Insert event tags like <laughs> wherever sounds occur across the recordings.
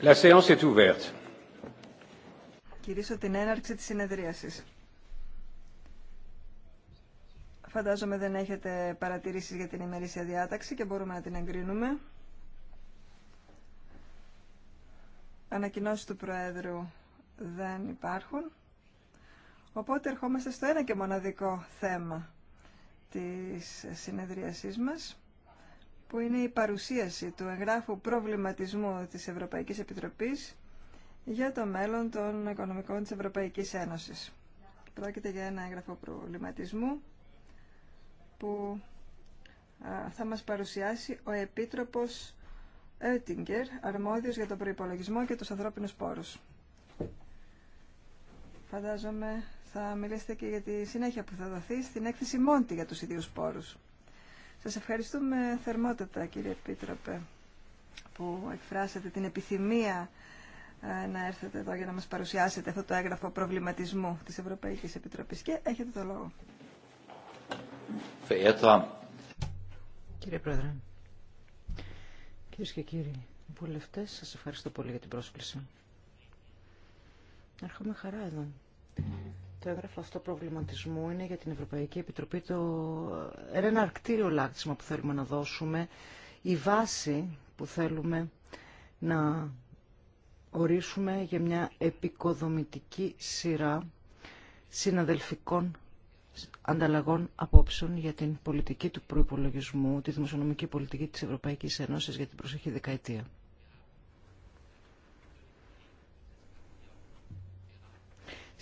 La séance est ouverte. Κυρίσω την έναρξη της συνεδρίασης. Φαντάζομαι δεν έχετε παρατηρήσεις για την ημερήσια διάταξη και μπορούμε να την εγκρίνουμε. Ανακοινώσεις του Προέδρου δεν υπάρχουν. Οπότε ερχόμαστε στο ένα και μοναδικό θέμα της συνεδρίασής μας που είναι η παρουσίαση του εγγράφου προβληματισμού της Ευρωπαϊκής Επιτροπής για το μέλλον των οικονομικών της Ευρωπαϊκής Ένωσης. Πρόκειται για ένα έγγραφο προβληματισμού που θα μας παρουσιάσει ο Επίτροπος Έτιγκερ, αρμόδιος για τον προϋπολογισμό και τους ανθρώπινους πόρους. Φαντάζομαι θα μιλήσετε και για τη συνέχεια που θα δοθεί στην έκθεση Μόντι για τους ιδίους πόρους. Σας ευχαριστούμε θερμότατα κύριε Επίτροπε που εκφράσατε την επιθυμία ε, να έρθετε εδώ για να μας παρουσιάσετε αυτό το έγγραφο προβληματισμού της Ευρωπαϊκής Επιτροπής και έχετε το λόγο. Κύριε Πρόεδρε, κύριε και κύριοι βουλευτές, σας ευχαριστώ πολύ για την πρόσκληση. Έρχομαι χαρά εδώ το έγγραφο αυτό προβληματισμού είναι για την Ευρωπαϊκή Επιτροπή το ένα αρκτήριο λάκτισμα που θέλουμε να δώσουμε, η βάση που θέλουμε να ορίσουμε για μια επικοδομητική σειρά συναδελφικών ανταλλαγών απόψεων για την πολιτική του προϋπολογισμού, τη δημοσιονομική πολιτική της Ευρωπαϊκής Ένωσης για την προσεχή δεκαετία.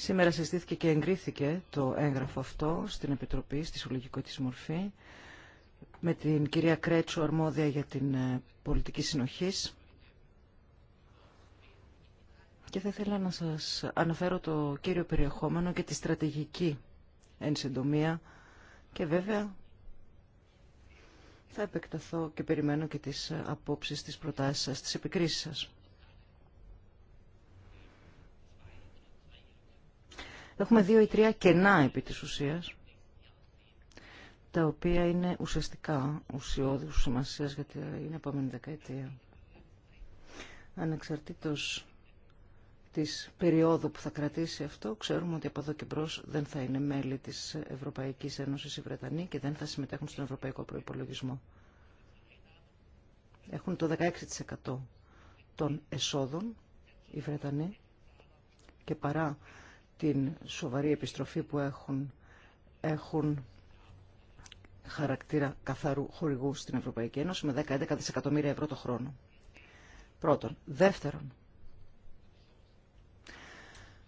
Σήμερα συστήθηκε και εγκρίθηκε το έγγραφο αυτό στην Επιτροπή, στη συλλογική της μορφή, με την κυρία Κρέτσου αρμόδια για την ε, πολιτική συνοχή. Και θα ήθελα να σας αναφέρω το κύριο περιεχόμενο και τη στρατηγική εν συντομία και βέβαια θα επεκταθώ και περιμένω και τις ε, απόψεις, της προτάσεις σας, τις επικρίσεις σας. Έχουμε δύο ή τρία κενά επί της ουσίας, τα οποία είναι ουσιαστικά ουσιώδους σημασίας για την επόμενη δεκαετία. Ανεξαρτήτως της περίοδου που θα κρατήσει αυτό, ξέρουμε ότι από εδώ και μπρος δεν θα είναι μέλη της Ευρωπαϊκής Ένωσης οι Βρετανοί και δεν θα συμμετέχουν στον Ευρωπαϊκό Προϋπολογισμό. Έχουν το 16% των εσόδων οι Βρετανοί και παρά την σοβαρή επιστροφή που έχουν, έχουν χαρακτήρα καθαρού χορηγού στην Ευρωπαϊκή Ένωση με 10-11 δισεκατομμύρια ευρώ το χρόνο. Πρώτον. Δεύτερον,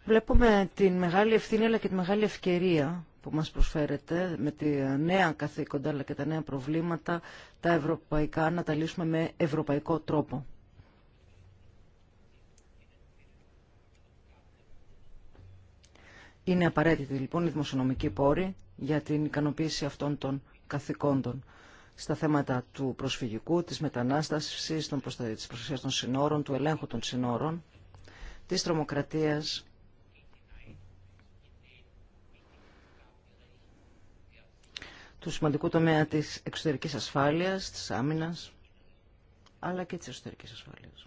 βλέπουμε την μεγάλη ευθύνη αλλά και τη μεγάλη ευκαιρία που μας προσφέρεται με τη νέα καθήκοντα αλλά και τα νέα προβλήματα τα ευρωπαϊκά να τα λύσουμε με ευρωπαϊκό τρόπο. Είναι απαραίτητη λοιπόν η δημοσιονομική πόρη για την ικανοποίηση αυτών των καθηκόντων στα θέματα του προσφυγικού, της μετανάστασης, των προστα... της προστασίας των συνόρων, του ελέγχου των συνόρων, της τρομοκρατίας. του σημαντικού τομέα της εξωτερικής ασφάλειας, της άμυνας, αλλά και της εσωτερικής ασφάλειας.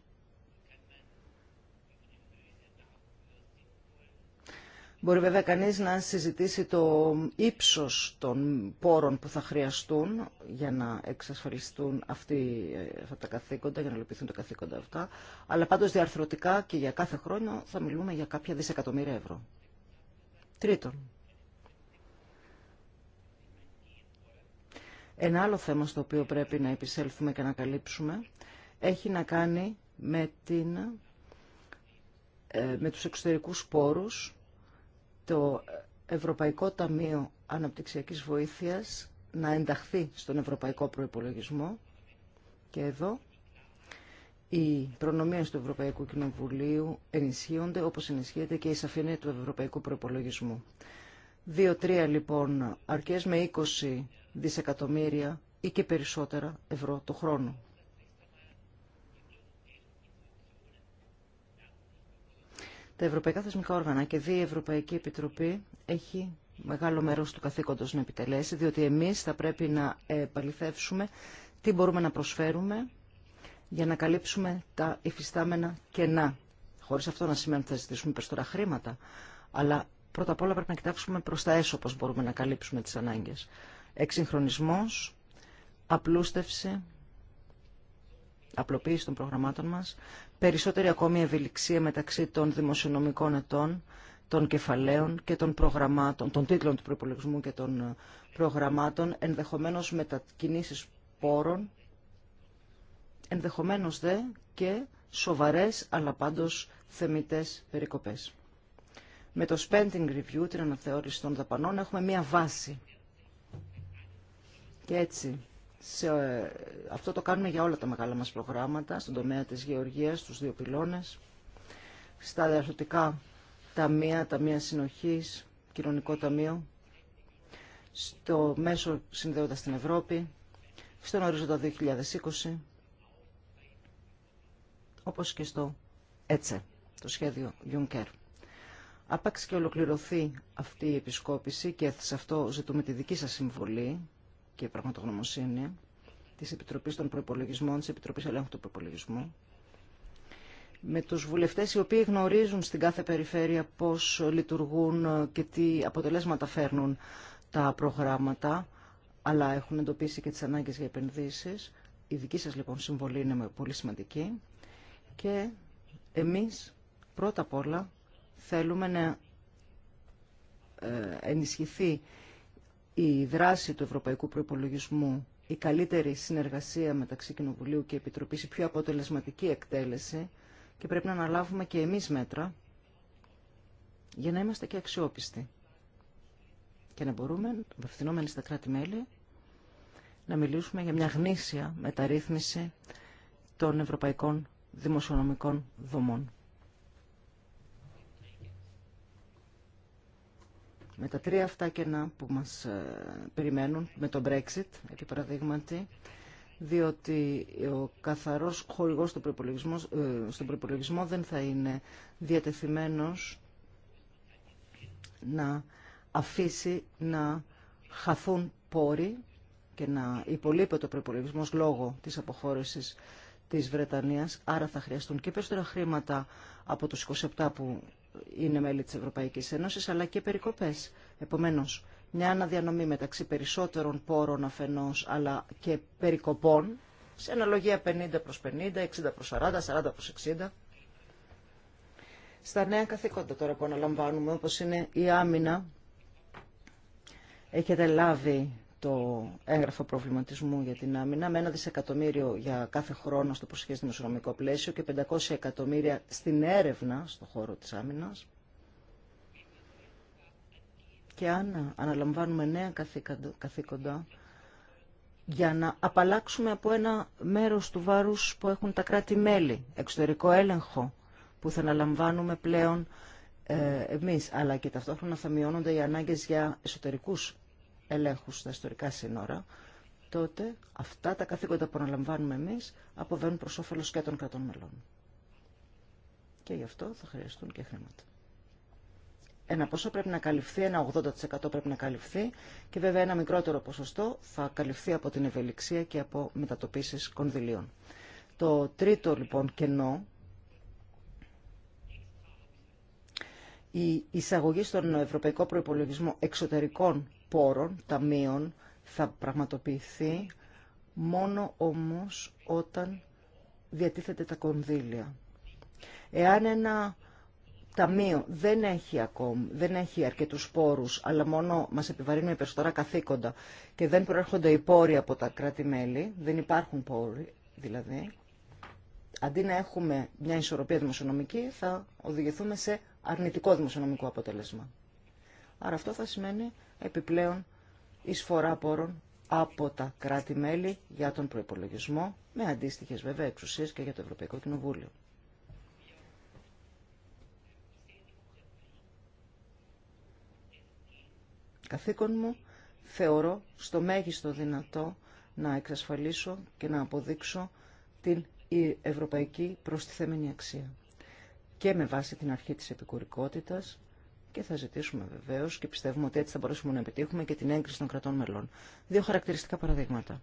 Μπορεί βέβαια κανείς να συζητήσει το ύψος των πόρων που θα χρειαστούν για να εξασφαλιστούν αυτοί, αυτά τα καθήκοντα, για να λοιπηθούν τα καθήκοντα αυτά. Αλλά πάντως διαρθρωτικά και για κάθε χρόνο θα μιλούμε για κάποια δισεκατομμύρια ευρώ. Τρίτον. Ένα άλλο θέμα στο οποίο πρέπει να επισέλθουμε και να καλύψουμε έχει να κάνει με, την, ε, με τους εξωτερικούς πόρους το Ευρωπαϊκό Ταμείο Αναπτυξιακής Βοήθειας να ενταχθεί στον Ευρωπαϊκό Προϋπολογισμό και εδώ οι προνομίες του Ευρωπαϊκού Κοινοβουλίου ενισχύονται όπως ενισχύεται και η σαφήνεια του Ευρωπαϊκού Προϋπολογισμού. Δύο-τρία λοιπόν αρκές με 20 δισεκατομμύρια ή και περισσότερα ευρώ το χρόνο τα ευρωπαϊκά θεσμικά όργανα και δι' η Ευρωπαϊκή Επιτροπή έχει μεγάλο μέρος του καθήκοντος να επιτελέσει, διότι εμείς θα πρέπει να επαληθεύσουμε τι μπορούμε να προσφέρουμε για να καλύψουμε τα υφιστάμενα κενά. Χωρίς αυτό να σημαίνει ότι θα ζητήσουμε περισσότερα χρήματα, αλλά πρώτα απ' όλα πρέπει να κοιτάξουμε προς τα έσω πώς μπορούμε να καλύψουμε τις ανάγκες. Εξυγχρονισμός, απλούστευση, απλοποίηση των προγραμμάτων μας, περισσότερη ακόμη ευελιξία μεταξύ των δημοσιονομικών ετών, των κεφαλαίων και των προγραμμάτων, των τίτλων του προπολογισμού και των ε, προγραμμάτων, ενδεχομένως μετακινήσεις πόρων, ενδεχομένως δε και σοβαρές αλλά πάντως θεμητές περικοπές. Με το spending review, την αναθεώρηση των δαπανών, έχουμε μία βάση. Και έτσι σε, ε, αυτό το κάνουμε για όλα τα μεγάλα μας προγράμματα, στον τομέα της γεωργίας, στους δύο πυλώνες, στα διαρθρωτικά ταμεία, ταμεία συνοχής, κοινωνικό ταμείο, στο μέσο συνδέοντας στην Ευρώπη, στον ορίζοντα 2020, όπως και στο ΕΤΣΕ, το σχέδιο Juncker. Άπαξ και ολοκληρωθεί αυτή η επισκόπηση και σε αυτό ζητούμε τη δική σας συμβολή, και πραγματογνωμοσύνη της Επιτροπής των Προπολογισμών, της Επιτροπής Ελέγχου του Προπολογισμού, με τους βουλευτές οι οποίοι γνωρίζουν στην κάθε περιφέρεια πώς λειτουργούν και τι αποτελέσματα φέρνουν τα προγράμματα, αλλά έχουν εντοπίσει και τις ανάγκες για επενδύσεις. Η δική σας λοιπόν συμβολή είναι πολύ σημαντική και εμείς πρώτα απ' όλα θέλουμε να ε, ενισχυθεί η δράση του Ευρωπαϊκού προπολογισμού, η καλύτερη συνεργασία μεταξύ Κοινοβουλίου και Επιτροπή, η πιο αποτελεσματική εκτέλεση και πρέπει να αναλάβουμε και εμεί μέτρα για να είμαστε και αξιόπιστοι και να μπορούμε, απευθυνόμενοι στα κράτη-μέλη, να μιλήσουμε για μια γνήσια μεταρρύθμιση των ευρωπαϊκών δημοσιονομικών δομών. με τα τρία αυτά κενά που μας ε, περιμένουν με το Brexit, επί παραδείγματι, διότι ο καθαρός χορηγός ε, στον προπολογισμό, στον δεν θα είναι διατεθειμένος να αφήσει να χαθούν πόροι και να υπολείπεται ο προπολογισμό λόγω της αποχώρησης της Βρετανίας, άρα θα χρειαστούν και περισσότερα χρήματα από τους 27 που είναι μέλη της Ευρωπαϊκής Ένωσης, αλλά και περικοπές. Επομένως, μια αναδιανομή μεταξύ περισσότερων πόρων αφενός, αλλά και περικοπών, σε αναλογία 50 προς 50, 60 προς 40, 40 προς 60. Στα νέα καθήκοντα τώρα που αναλαμβάνουμε, όπως είναι η άμυνα, έχετε λάβει το έγγραφο προβληματισμού για την άμυνα με ένα δισεκατομμύριο για κάθε χρόνο στο προσχέδιο δημοσιονομικό πλαίσιο και 500 εκατομμύρια στην έρευνα στον χώρο της άμυνας. Και αν αναλαμβάνουμε νέα καθήκοντα για να απαλλάξουμε από ένα μέρος του βάρους που έχουν τα κράτη-μέλη, εξωτερικό έλεγχο που θα αναλαμβάνουμε πλέον ε, εμείς, αλλά και ταυτόχρονα θα μειώνονται οι ανάγκες για εσωτερικούς ελέγχου στα ιστορικά σύνορα, τότε αυτά τα καθήκοντα που αναλαμβάνουμε εμείς αποβαίνουν προς όφελος και των κρατών μελών. Και γι' αυτό θα χρειαστούν και χρήματα. Ένα ποσό πρέπει να καλυφθεί, ένα 80% πρέπει να καλυφθεί και βέβαια ένα μικρότερο ποσοστό θα καλυφθεί από την ευελιξία και από μετατοπίσεις κονδυλίων. Το τρίτο λοιπόν κενό, η εισαγωγή στον ευρωπαϊκό προϋπολογισμό εξωτερικών πόρων, ταμείων, θα πραγματοποιηθεί μόνο όμως όταν διατίθεται τα κονδύλια. Εάν ένα ταμείο δεν έχει ακόμη, δεν έχει αρκετούς πόρους, αλλά μόνο μας επιβαρύνουν περισσότερα καθήκοντα και δεν προέρχονται οι πόροι από τα κράτη-μέλη, δεν υπάρχουν πόροι δηλαδή, αντί να έχουμε μια ισορροπία δημοσιονομική, θα οδηγηθούμε σε αρνητικό δημοσιονομικό αποτέλεσμα. Άρα αυτό θα σημαίνει επιπλέον εισφορά πόρων από τα κράτη-μέλη για τον προϋπολογισμό, με αντίστοιχες βέβαια εξουσίες και για το Ευρωπαϊκό Κοινοβούλιο. Καθήκον μου θεωρώ στο μέγιστο δυνατό να εξασφαλίσω και να αποδείξω την ευρωπαϊκή προστιθέμενη αξία. Και με βάση την αρχή της επικουρικότητας και θα ζητήσουμε βεβαίω και πιστεύουμε ότι έτσι θα μπορέσουμε να επιτύχουμε και την έγκριση των κρατών μελών. Δύο χαρακτηριστικά παραδείγματα.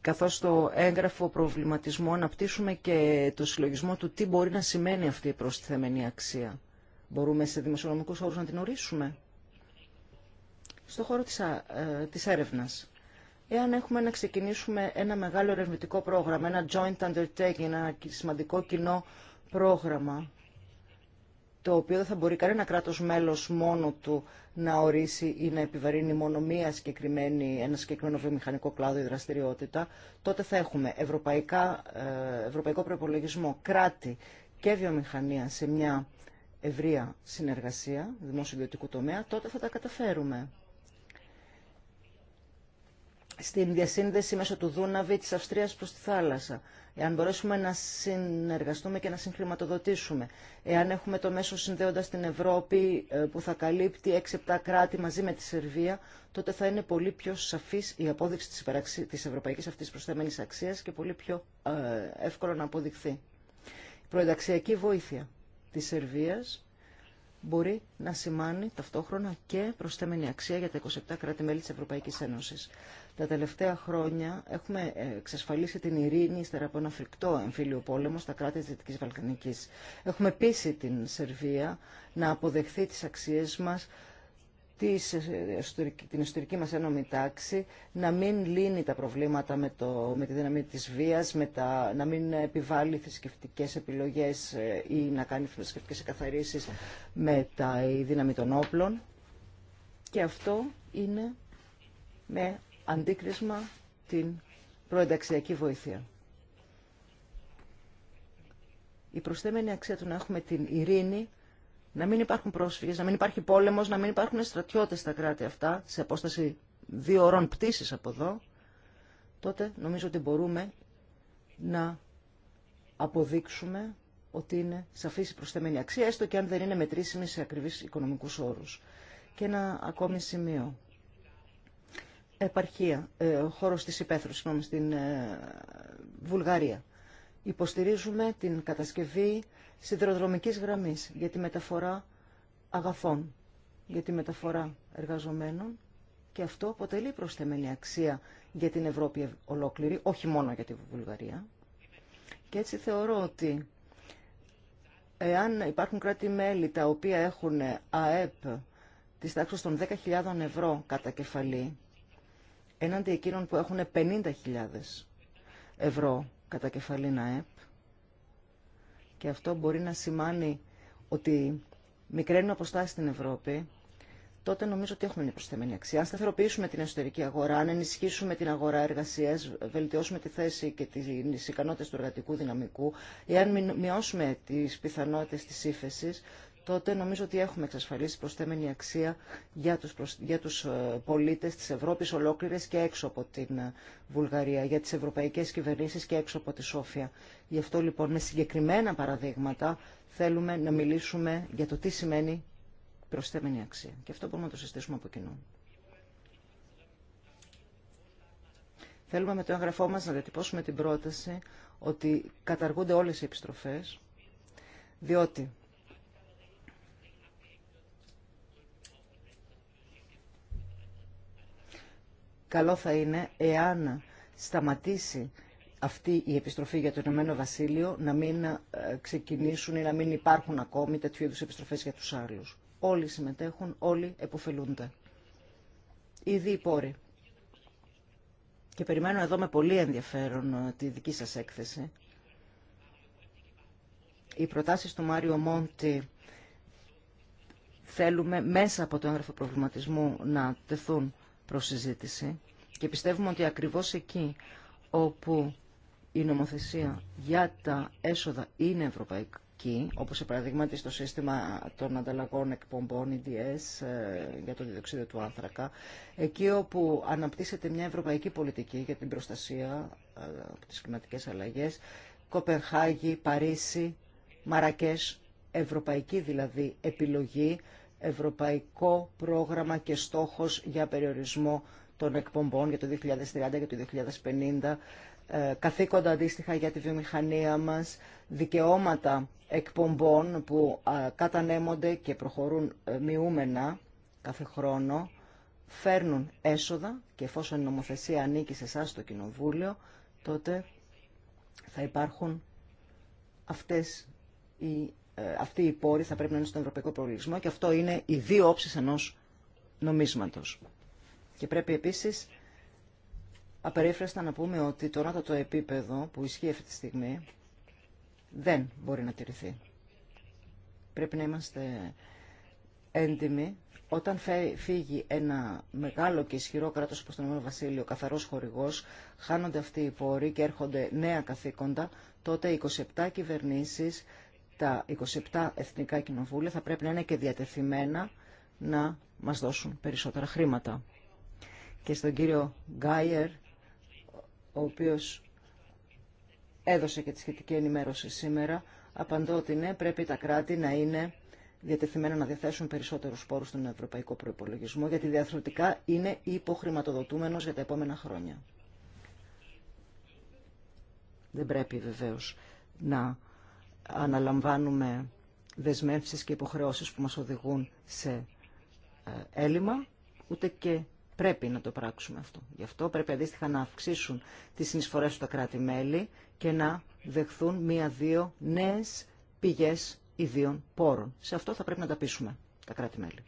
Καθώς στο έγγραφο προβληματισμό αναπτύσσουμε και το συλλογισμό του τι μπορεί να σημαίνει αυτή η προστιθεμένη αξία. Μπορούμε σε δημοσιονομικούς όρους να την ορίσουμε. Στο χώρο της, α, ε, της έρευνας. Εάν έχουμε να ξεκινήσουμε ένα μεγάλο ερευνητικό πρόγραμμα, ένα joint undertaking, ένα σημαντικό κοινό πρόγραμμα το οποίο δεν θα μπορεί κανένα κράτος μέλος μόνο του να ορίσει ή να επιβαρύνει μόνο μία συγκεκριμένη, ένα συγκεκριμένο βιομηχανικό κλάδο ή δραστηριότητα, τότε θα έχουμε ευρωπαϊκά, ε, ευρωπαϊκό προπολογισμό, κράτη και βιομηχανία σε μια ευρεία συνεργασία, δημόσιο ιδιωτικού τομέα, τότε θα τα καταφέρουμε στην διασύνδεση μέσω του Δούναβη της Αυστρίας προς τη θάλασσα. Εάν μπορέσουμε να συνεργαστούμε και να συγχρηματοδοτήσουμε. Εάν έχουμε το μέσο συνδέοντας την Ευρώπη ε, που θα καλύπτει 6-7 κράτη μαζί με τη Σερβία, τότε θα είναι πολύ πιο σαφής η απόδειξη της, υπεραξι... της ευρωπαϊκής αυτής προσθέμενης αξίας και πολύ πιο ε, εύκολο να αποδειχθεί. Η βοήθεια της Σερβίας μπορεί να σημάνει ταυτόχρονα και προσθέμενη αξία για τα 27 κράτη-μέλη της Ευρωπαϊκής Ένωσης. Τα τελευταία χρόνια έχουμε εξασφαλίσει την ειρήνη ύστερα από ένα φρικτό εμφύλιο πόλεμο στα κράτη της Δυτικής Βαλκανικής. Έχουμε πείσει την Σερβία να αποδεχθεί τις αξίες μας την ιστορική μας ένωμη τάξη να μην λύνει τα προβλήματα με, το, με τη δύναμη της βίας, με τα, να μην επιβάλλει θρησκευτικέ επιλογές ε, ή να κάνει θρησκευτικέ εκαθαρίσεις με τα, η δύναμη των όπλων. Και αυτό είναι με αντίκρισμα την προενταξιακή βοήθεια. Η προσθέμενη αξία του να έχουμε την ειρήνη να μην υπάρχουν πρόσφυγες, να μην υπάρχει πόλεμος, να μην υπάρχουν στρατιώτες στα κράτη αυτά, σε απόσταση δύο ώρων πτήσης από εδώ, τότε νομίζω ότι μπορούμε να αποδείξουμε ότι είναι σαφής η προσθεμένη αξία, έστω και αν δεν είναι μετρήσιμη σε ακριβείς οικονομικούς όρους. Και ένα ακόμη σημείο. Επαρχία, ε, χώρος της υπαίθρου, συγγνώμη, στην ε, Βουλγαρία. Υποστηρίζουμε την κατασκευή σιδηροδρομικής γραμμής για τη μεταφορά αγαθών, για τη μεταφορά εργαζομένων και αυτό αποτελεί προσθεμένη αξία για την Ευρώπη ολόκληρη, όχι μόνο για τη Βουλγαρία. Και έτσι θεωρώ ότι εάν υπάρχουν κράτη-μέλη τα οποία έχουν ΑΕΠ της τάξης των 10.000 ευρώ κατά κεφαλή, έναντι εκείνων που έχουν 50.000 ευρώ κατά κεφαλήν ΑΕΠ, και αυτό μπορεί να σημάνει ότι μικραίνουν αποστάσεις στην Ευρώπη, τότε νομίζω ότι έχουμε μια προσθεμένη αξία. Αν σταθεροποιήσουμε την εσωτερική αγορά, αν ενισχύσουμε την αγορά εργασία, βελτιώσουμε τη θέση και τι ικανότητε του εργατικού δυναμικού, εάν μειώσουμε τι πιθανότητε τη ύφεση, τότε νομίζω ότι έχουμε εξασφαλίσει προσθέμενη αξία για τους, προσ... για τους ε, πολίτες της Ευρώπης ολόκληρες και έξω από την ε, Βουλγαρία, για τις ευρωπαϊκές κυβερνήσεις και έξω από τη Σόφια. Γι' αυτό λοιπόν με συγκεκριμένα παραδείγματα θέλουμε να μιλήσουμε για το τι σημαίνει προσθέμενη αξία. Και αυτό μπορούμε να το συστήσουμε από κοινού. Θέλουμε με το έγγραφό μας να διατυπώσουμε την πρόταση ότι καταργούνται όλες οι επιστροφές, διότι καλό θα είναι εάν σταματήσει αυτή η επιστροφή για το Ηνωμένο Βασίλειο να μην ε, ξεκινήσουν ή να μην υπάρχουν ακόμη τέτοιου είδου επιστροφές για τους άλλου. Όλοι συμμετέχουν, όλοι επωφελούνται. Ήδη οι πόροι. Και περιμένω εδώ με πολύ ενδιαφέρον ε, τη δική σας έκθεση. Οι προτάσεις του Μάριο Μόντι θέλουμε μέσα από το έγγραφο προβληματισμού να τεθούν προς και πιστεύουμε ότι ακριβώς εκεί όπου η νομοθεσία για τα έσοδα είναι ευρωπαϊκή, όπως σε παραδείγμα στο σύστημα των ανταλλαγών εκπομπών EDS ε, για το διδοξίδιο του άνθρακα, εκεί όπου αναπτύσσεται μια ευρωπαϊκή πολιτική για την προστασία ε, από τις κλιματικές αλλαγές, Κοπερχάγη, Παρίσι, Μαρακές, ευρωπαϊκή δηλαδή επιλογή ευρωπαϊκό πρόγραμμα και στόχος για περιορισμό των εκπομπών για το 2030 και το 2050, ε, καθήκοντα αντίστοιχα για τη βιομηχανία μας, δικαιώματα εκπομπών που κατανέμονται και προχωρούν ε, μειούμενα κάθε χρόνο, φέρνουν έσοδα και εφόσον η νομοθεσία ανήκει σε εσά στο Κοινοβούλιο, τότε θα υπάρχουν αυτές οι ε, αυτοί οι πόροι θα πρέπει να είναι στον ευρωπαϊκό προβλησμό και αυτό είναι οι δύο όψεις ενός νομίσματος. Και πρέπει επίσης απερίφραστα να πούμε ότι το το επίπεδο που ισχύει αυτή τη στιγμή δεν μπορεί να τηρηθεί. Πρέπει να είμαστε έντιμοι όταν φύγει ένα μεγάλο και ισχυρό κράτο όπω το Ηνωμένο Βασίλειο, καθαρό χορηγό, χάνονται αυτοί οι πόροι και έρχονται νέα καθήκοντα, τότε 27 κυβερνήσει τα 27 εθνικά κοινοβούλια θα πρέπει να είναι και διατεθειμένα να μας δώσουν περισσότερα χρήματα. Και στον κύριο Γκάιερ, ο οποίος έδωσε και τη σχετική ενημέρωση σήμερα, απαντώ ότι ναι, πρέπει τα κράτη να είναι διατεθειμένα να διαθέσουν περισσότερους πόρους στον ευρωπαϊκό προϋπολογισμό, γιατί διαθροτικά είναι υποχρηματοδοτούμενος για τα επόμενα χρόνια. Δεν πρέπει βεβαίως να αναλαμβάνουμε δεσμεύσεις και υποχρεώσεις που μας οδηγούν σε ε, έλλειμμα, ούτε και πρέπει να το πράξουμε αυτό. Γι' αυτό πρέπει αντίστοιχα να αυξήσουν τις συνεισφορές του τα κράτη-μέλη και να δεχθούν μία-δύο νέες πηγές ιδίων πόρων. Σε αυτό θα πρέπει να τα πείσουμε τα κράτη-μέλη.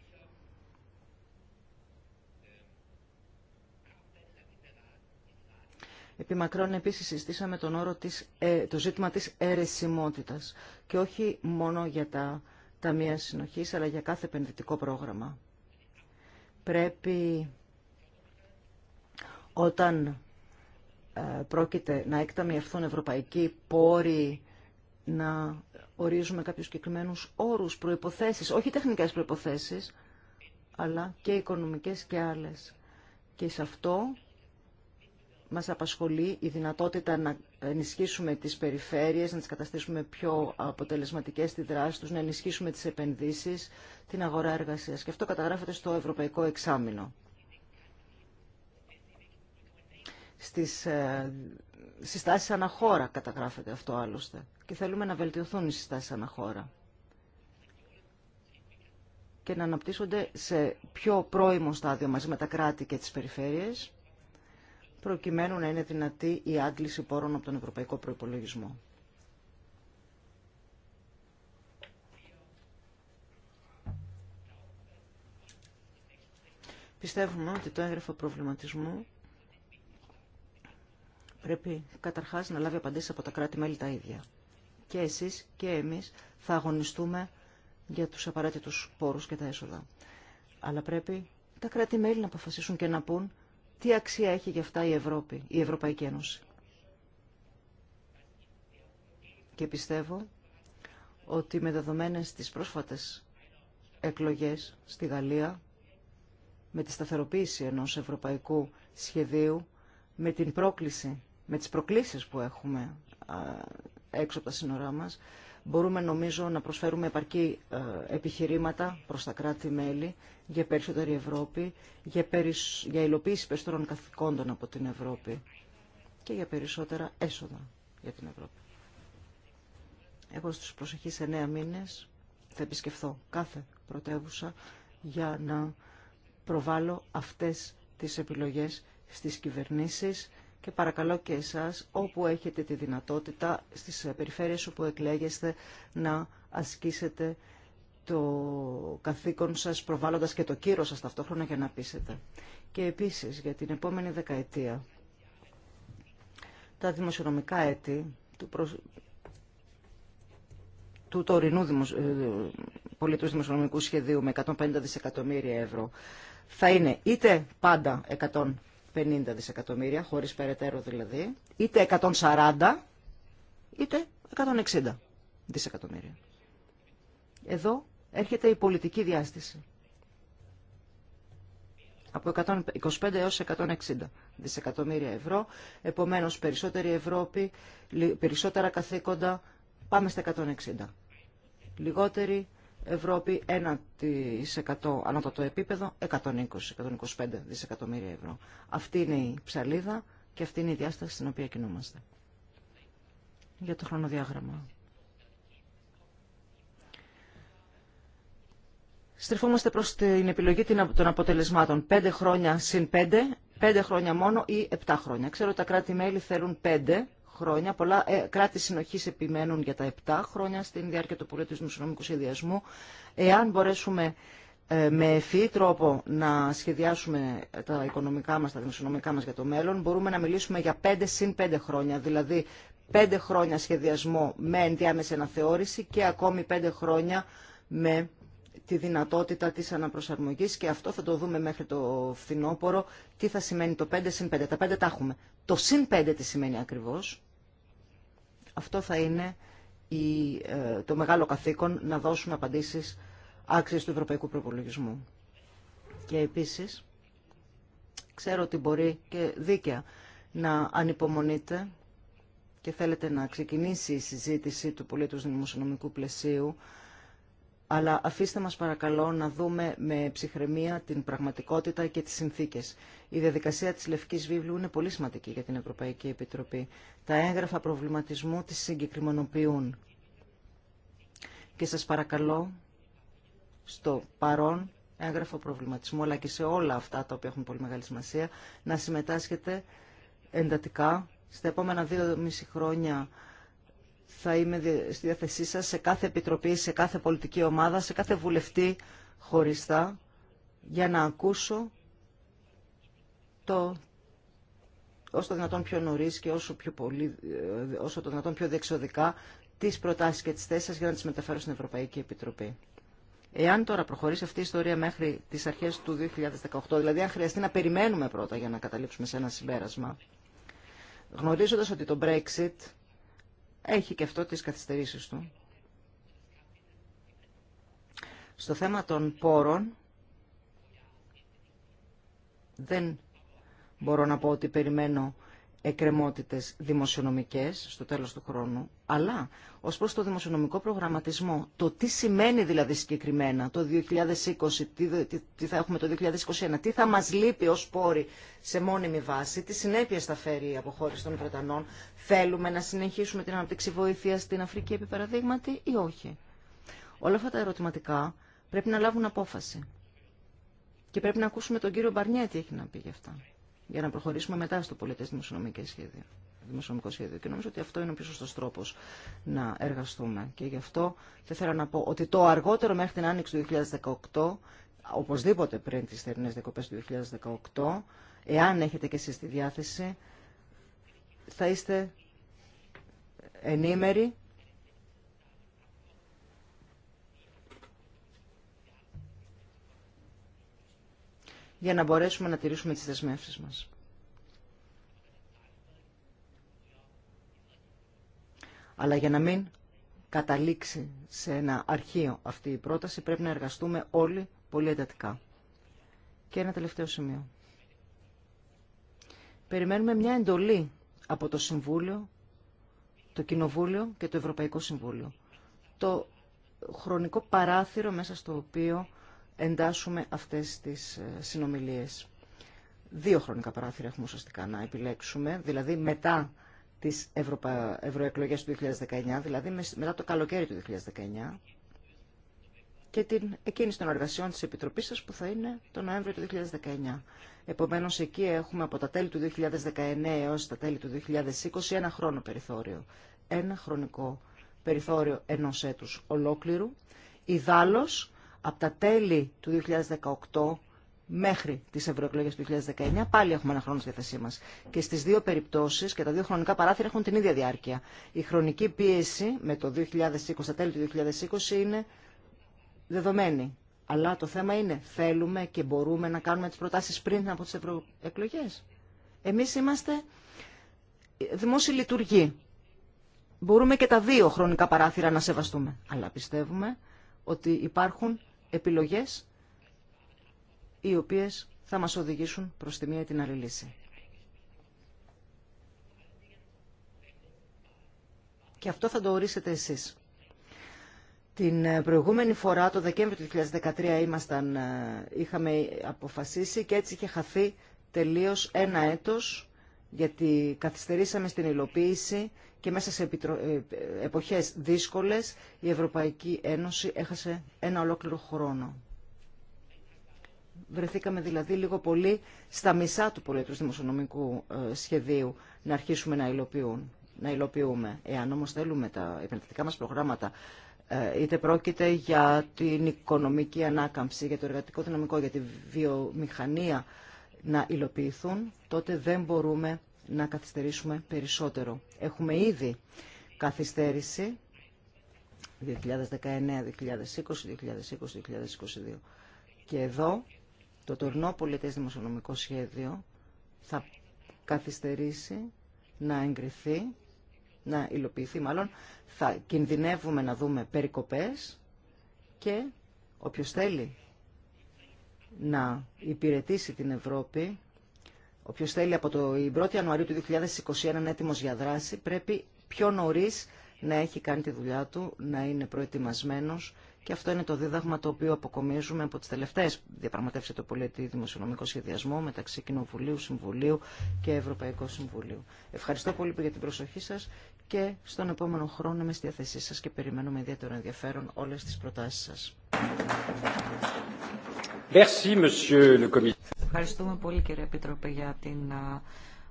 μακρόν, επίσης συστήσαμε τον όρο της, ε, το ζήτημα της αιρεσιμότητας και όχι μόνο για τα ταμεία συνοχής αλλά για κάθε επενδυτικό πρόγραμμα. Πρέπει όταν ε, πρόκειται να εκταμιευθούν ευρωπαϊκοί πόροι να ορίζουμε κάποιους συγκεκριμένου όρους, προϋποθέσεις, όχι τεχνικές προϋποθέσεις, αλλά και οικονομικές και άλλες. Και σε αυτό μας απασχολεί η δυνατότητα να ενισχύσουμε τις περιφέρειες, να τις καταστήσουμε πιο αποτελεσματικές στη δράση τους, να ενισχύσουμε τις επενδύσεις, την αγορά εργασίας. Και αυτό καταγράφεται στο Ευρωπαϊκό Εξάμεινο. Στις ε, συστάσεις αναχώρα καταγράφεται αυτό άλλωστε. Και θέλουμε να βελτιωθούν οι συστάσεις αναχώρα και να αναπτύσσονται σε πιο πρώιμο στάδιο μαζί με τα κράτη και τις περιφέρειες προκειμένου να είναι δυνατή η άγκληση πόρων από τον Ευρωπαϊκό Προϋπολογισμό. Πιστεύουμε ότι το έγγραφο προβληματισμού πρέπει καταρχάς να λάβει απαντήσει από τα κράτη-μέλη τα ίδια. Και εσείς και εμείς θα αγωνιστούμε για τους απαραίτητους πόρους και τα έσοδα. Αλλά πρέπει τα κράτη-μέλη να αποφασίσουν και να πούν τι αξία έχει γι' αυτά η Ευρώπη, η Ευρωπαϊκή Ένωση. Και πιστεύω ότι με δεδομένες τις πρόσφατες εκλογές στη Γαλλία, με τη σταθεροποίηση ενός ευρωπαϊκού σχεδίου, με την πρόκληση, με τις προκλήσεις που έχουμε έξω από τα σύνορά μας, μπορούμε νομίζω να προσφέρουμε επαρκή ε, επιχειρήματα προς τα κράτη-μέλη για περισσότερη Ευρώπη, για, περισ... για υλοποίηση περισσότερων καθηκόντων από την Ευρώπη και για περισσότερα έσοδα για την Ευρώπη. Εγώ στους προσεχείς εννέα μήνες θα επισκεφθώ κάθε πρωτεύουσα για να προβάλλω αυτές τις επιλογές στις κυβερνήσεις και παρακαλώ και εσάς όπου έχετε τη δυνατότητα στις περιφέρειες όπου εκλέγεστε να ασκήσετε το καθήκον σας προβάλλοντας και το κύρος σας ταυτόχρονα για να πείσετε. Και επίσης για την επόμενη δεκαετία τα δημοσιονομικά έτη του, προ... του τωρινού δημοσ... Ε, πολιτού δημοσιονομικού σχεδίου με 150 δισεκατομμύρια ευρώ θα είναι είτε πάντα 50 δισεκατομμύρια, χωρίς περαιτέρω δηλαδή, είτε 140 είτε 160 δισεκατομμύρια. Εδώ έρχεται η πολιτική διάστηση. Από 125 έως 160 δισεκατομμύρια ευρώ. Επομένως, περισσότερη Ευρώπη, περισσότερα καθήκοντα, πάμε στα 160. Λιγότερη Ευρώπη 1% ανώτατο επίπεδο 120-125 δισεκατομμύρια ευρώ. Αυτή είναι η ψαλίδα και αυτή είναι η διάσταση στην οποία κινούμαστε. Για το χρονοδιάγραμμα. Στριφόμαστε προς την επιλογή των αποτελεσμάτων. 5 χρόνια συν 5, 5 χρόνια μόνο ή 7 χρόνια. Ξέρω ότι τα κράτη-μέλη θέλουν 5 χρόνια. Πολλά ε, κράτη συνοχή επιμένουν για τα 7 χρόνια στην διάρκεια του πολιτισμού του Σχεδιασμού. Εάν μπορέσουμε ε, με ευφύ τρόπο να σχεδιάσουμε τα οικονομικά μα, τα δημοσιονομικά μα για το μέλλον, μπορούμε να μιλήσουμε για 5 συν 5 χρόνια, δηλαδή 5 χρόνια σχεδιασμό με ενδιάμεση αναθεώρηση και ακόμη 5 χρόνια με τη δυνατότητα της αναπροσαρμογής και αυτό θα το δούμε μέχρι το φθινόπωρο τι θα σημαίνει το 5 συν 5. Τα 5 τα έχουμε. Το συν 5 τι σημαίνει ακριβώς. Αυτό θα είναι η, ε, το μεγάλο καθήκον να δώσουμε απαντήσεις άξιες του ευρωπαϊκού προπολογισμού. Και επίσης, ξέρω ότι μπορεί και δίκαια να ανυπομονείτε και θέλετε να ξεκινήσει η συζήτηση του πολίτου δημοσιονομικού πλαισίου αλλά αφήστε μας παρακαλώ να δούμε με ψυχραιμία την πραγματικότητα και τις συνθήκες. Η διαδικασία της Λευκής Βίβλου είναι πολύ σημαντική για την Ευρωπαϊκή Επιτροπή. Τα έγγραφα προβληματισμού τις συγκεκριμονοποιούν. Και σας παρακαλώ στο παρόν έγγραφο προβληματισμού, αλλά και σε όλα αυτά τα οποία έχουν πολύ μεγάλη σημασία, να συμμετάσχετε εντατικά στα επόμενα δύο μισή χρόνια θα είμαι στη διάθεσή σας σε κάθε επιτροπή, σε κάθε πολιτική ομάδα, σε κάθε βουλευτή χωριστά για να ακούσω το όσο το δυνατόν πιο νωρί και όσο, πιο πολύ, ε, όσο το δυνατόν πιο διεξοδικά τις προτάσεις και τις θέσεις σας για να τις μεταφέρω στην Ευρωπαϊκή Επιτροπή. Εάν τώρα προχωρήσει αυτή η ιστορία μέχρι τις αρχές του 2018, δηλαδή αν χρειαστεί να περιμένουμε πρώτα για να καταλήξουμε σε ένα συμπέρασμα, γνωρίζοντας ότι το Brexit έχει και αυτό τις καθυστερήσεις του. Στο θέμα των πόρων δεν μπορώ να πω ότι περιμένω εκκρεμότητες δημοσιονομικές στο τέλος του χρόνου, αλλά ως προς το δημοσιονομικό προγραμματισμό, το τι σημαίνει δηλαδή συγκεκριμένα το 2020, τι, θα έχουμε το 2021, τι θα μας λείπει ως πόροι σε μόνιμη βάση, τι συνέπειες θα φέρει η αποχώρηση των Βρετανών, θέλουμε να συνεχίσουμε την αναπτύξη βοήθεια στην Αφρική επί παραδείγματι ή όχι. Όλα αυτά τα ερωτηματικά πρέπει να λάβουν απόφαση. Και πρέπει να ακούσουμε τον κύριο τι έχει να πει γι' αυτά για να προχωρήσουμε μετά στο πολιτές δημοσιονομικό σχέδιο. Και νομίζω ότι αυτό είναι ο πιο σωστός τρόπος να εργαστούμε. Και γι' αυτό θα ήθελα να πω ότι το αργότερο μέχρι την άνοιξη του 2018, οπωσδήποτε πριν τι θερινέ δεκοπέ του 2018, εάν έχετε και εσεί τη διάθεση, θα είστε ενήμεροι για να μπορέσουμε να τηρήσουμε τις δεσμεύσεις μας. Αλλά για να μην καταλήξει σε ένα αρχείο αυτή η πρόταση πρέπει να εργαστούμε όλοι πολύ εντατικά. Και ένα τελευταίο σημείο. Περιμένουμε μια εντολή από το Συμβούλιο, το Κοινοβούλιο και το Ευρωπαϊκό Συμβούλιο. Το χρονικό παράθυρο μέσα στο οποίο εντάσσουμε αυτές τις ε, συνομιλίες. Δύο χρονικά παράθυρα έχουμε ουσιαστικά να επιλέξουμε, δηλαδή μετά τις Ευρωπα... ευρωεκλογές του 2019, δηλαδή μετά το καλοκαίρι του 2019 και την εκείνη των εργασιών της Επιτροπής σας που θα είναι το Νοέμβριο του 2019. Επομένως εκεί έχουμε από τα τέλη του 2019 έως τα τέλη του 2020 ένα χρόνο περιθώριο. Ένα χρονικό περιθώριο ενός έτους ολόκληρου. Ιδάλλως από τα τέλη του 2018 μέχρι τις ευρωεκλογέ του 2019, πάλι έχουμε ένα χρόνο στη διάθεσή μας. Και στις δύο περιπτώσεις και τα δύο χρονικά παράθυρα έχουν την ίδια διάρκεια. Η χρονική πίεση με το 2020, τα τέλη του 2020 είναι δεδομένη. Αλλά το θέμα είναι, θέλουμε και μπορούμε να κάνουμε τις προτάσεις πριν από τις ευρωεκλογέ. Εμείς είμαστε δημόσιοι λειτουργοί. Μπορούμε και τα δύο χρονικά παράθυρα να σεβαστούμε. Αλλά πιστεύουμε ότι υπάρχουν επιλογές οι οποίες θα μας οδηγήσουν προς τη μία ή την άλλη λύση. Και αυτό θα το ορίσετε εσείς. Την ε, προηγούμενη φορά, το Δεκέμβριο του 2013, ήμασταν, ε, είχαμε αποφασίσει και έτσι είχε χαθεί τελείως ένα έτος γιατί καθυστερήσαμε στην υλοποίηση και μέσα σε ε, εποχές δύσκολες η Ευρωπαϊκή Ένωση έχασε ένα ολόκληρο χρόνο. Βρεθήκαμε δηλαδή λίγο πολύ στα μισά του πολιτικού δημοσιονομικού ε, σχεδίου να αρχίσουμε να, υλοποιούν, να υλοποιούμε. Εάν όμως θέλουμε τα επενδυτικά μας προγράμματα ε, είτε πρόκειται για την οικονομική ανάκαμψη, για το εργατικό δυναμικό, για τη βιομηχανία, να υλοποιηθούν, τότε δεν μπορούμε να καθυστερήσουμε περισσότερο. Έχουμε ήδη καθυστέρηση 2019, 2020, 2020, 2022. Και εδώ το τωρινό πολιτές δημοσιονομικό σχέδιο θα καθυστερήσει να εγκριθεί, να υλοποιηθεί μάλλον. Θα κινδυνεύουμε να δούμε περικοπές και όποιος θέλει να υπηρετήσει την Ευρώπη, όποιο θέλει από το 1η Ιανουαρίου του 2021 είναι έτοιμο για δράση, πρέπει πιο νωρί να έχει κάνει τη δουλειά του, να είναι προετοιμασμένο, και αυτό είναι το δίδαγμα το οποίο αποκομίζουμε από τι τελευταίες διαπραγματεύσει του πολιτή δημοσιονομικό σχεδιασμό μεταξύ Κοινοβουλίου, Συμβουλίου και Ευρωπαϊκού Συμβουλίου. Ευχαριστώ πολύ για την προσοχή σα και στον επόμενο χρόνο είμαι στη διάθεσή σα και περιμένουμε ιδιαίτερο ενδιαφέρον όλε τι προτάσει σα. Ευχαριστούμε πολύ κύριε Επίτροπε για την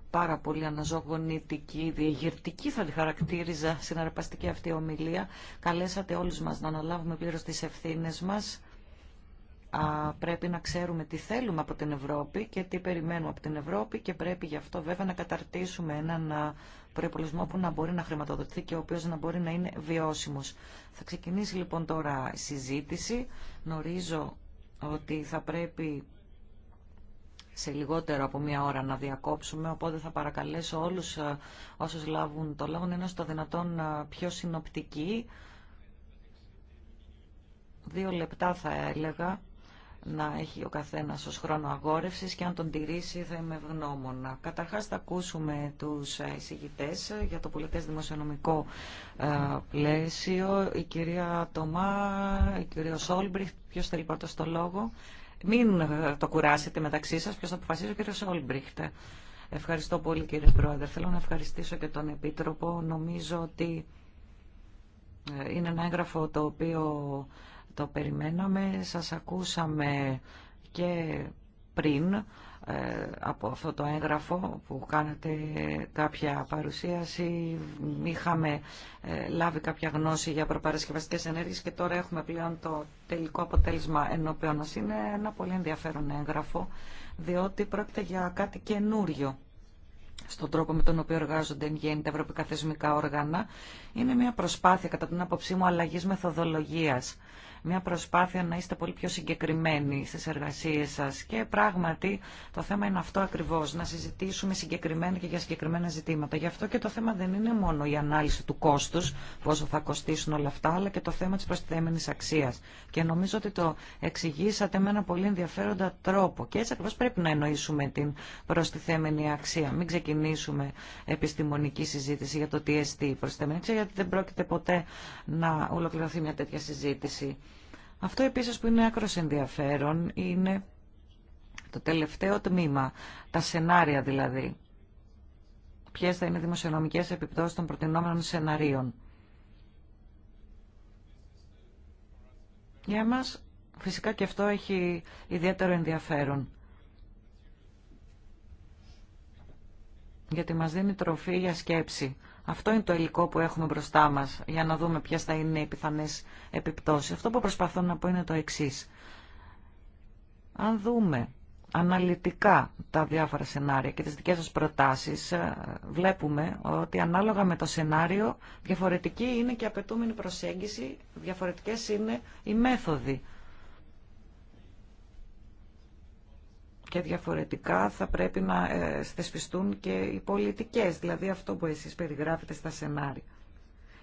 πάρα πολύ αναζωογονητική, διεγερτική θα τη χαρακτήριζα συναρπαστική αυτή ομιλία. Καλέσατε όλους μας να αναλάβουμε πλήρως τις ευθύνες μας. Α, πρέπει να ξέρουμε τι θέλουμε από την Ευρώπη και τι περιμένουμε από την Ευρώπη και πρέπει γι' αυτό βέβαια να καταρτήσουμε έναν προϋπολισμό που να μπορεί να χρηματοδοτηθεί και ο οποίος να μπορεί να είναι βιώσιμος. Θα ξεκινήσει λοιπόν τώρα η συζήτηση. Γνωρίζω ότι θα πρέπει σε λιγότερο από μία ώρα να διακόψουμε, οπότε θα παρακαλέσω όλους ε, όσους λάβουν το λόγο να είναι στο δυνατόν ε, πιο συνοπτικοί. Δύο λεπτά θα έλεγα να έχει ο καθένα ως χρόνο αγόρευση και αν τον τηρήσει θα είμαι ευγνώμονα. Καταρχάς θα ακούσουμε του ε, εισηγητέ ε, για το πολιτέ δημοσιονομικό ε, πλαίσιο. Η κυρία Τομά, η κυρία Σόλμπριχτ, ποιο θέλει πρώτο το λόγο. Μην το κουράσετε μεταξύ σα, ποιο θα αποφασίσει ο κύριο Σόλμπριχτ. Ευχαριστώ πολύ κύριε Πρόεδρε. Θέλω να ευχαριστήσω και τον Επίτροπο. Νομίζω ότι είναι ένα έγγραφο το οποίο το περιμέναμε, σας ακούσαμε και πριν ε, από αυτό το έγγραφο που κάνατε κάποια παρουσίαση. Είχαμε ε, λάβει κάποια γνώση για προπαρασκευαστικές ενέργειες και τώρα έχουμε πλέον το τελικό αποτέλεσμα ενώπιον μας. Είναι ένα πολύ ενδιαφέρον έγγραφο, διότι πρόκειται για κάτι καινούριο στον τρόπο με τον οποίο εργάζονται εν γέννη τα ευρωπαϊκά θεσμικά όργανα. Είναι μια προσπάθεια, κατά την άποψή μου, αλλαγής μεθοδολογίας μια προσπάθεια να είστε πολύ πιο συγκεκριμένοι στις εργασίες σας. Και πράγματι το θέμα είναι αυτό ακριβώς, να συζητήσουμε συγκεκριμένα και για συγκεκριμένα ζητήματα. Γι' αυτό και το θέμα δεν είναι μόνο η ανάλυση του κόστους, πόσο θα κοστίσουν όλα αυτά, αλλά και το θέμα της προστιθέμενης αξίας. Και νομίζω ότι το εξηγήσατε με ένα πολύ ενδιαφέροντα τρόπο. Και έτσι ακριβώς πρέπει να εννοήσουμε την προστιθέμενη αξία. Μην ξεκινήσουμε επιστημονική συζήτηση για το τι εστί προστιθέμενη αξία, γιατί δεν πρόκειται ποτέ να ολοκληρωθεί μια τέτοια συζήτηση. Αυτό επίσης που είναι άκρος ενδιαφέρον είναι το τελευταίο τμήμα, τα σενάρια δηλαδή. Ποιες θα είναι οι δημοσιονομικές επιπτώσεις των προτινόμενων σενάριων. Για μας φυσικά και αυτό έχει ιδιαίτερο ενδιαφέρον. Γιατί μας δίνει τροφή για σκέψη αυτό είναι το υλικό που έχουμε μπροστά μας για να δούμε ποιε θα είναι οι πιθανέ επιπτώσεις. Αυτό που προσπαθώ να πω είναι το εξή. Αν δούμε αναλυτικά τα διάφορα σενάρια και τις δικές σας προτάσεις, ε, βλέπουμε ότι ανάλογα με το σενάριο διαφορετική είναι και απαιτούμενη προσέγγιση, διαφορετικές είναι οι μέθοδοι και διαφορετικά θα πρέπει να ε, θεσπιστούν και οι πολιτικές, δηλαδή αυτό που εσείς περιγράφετε στα σενάρια.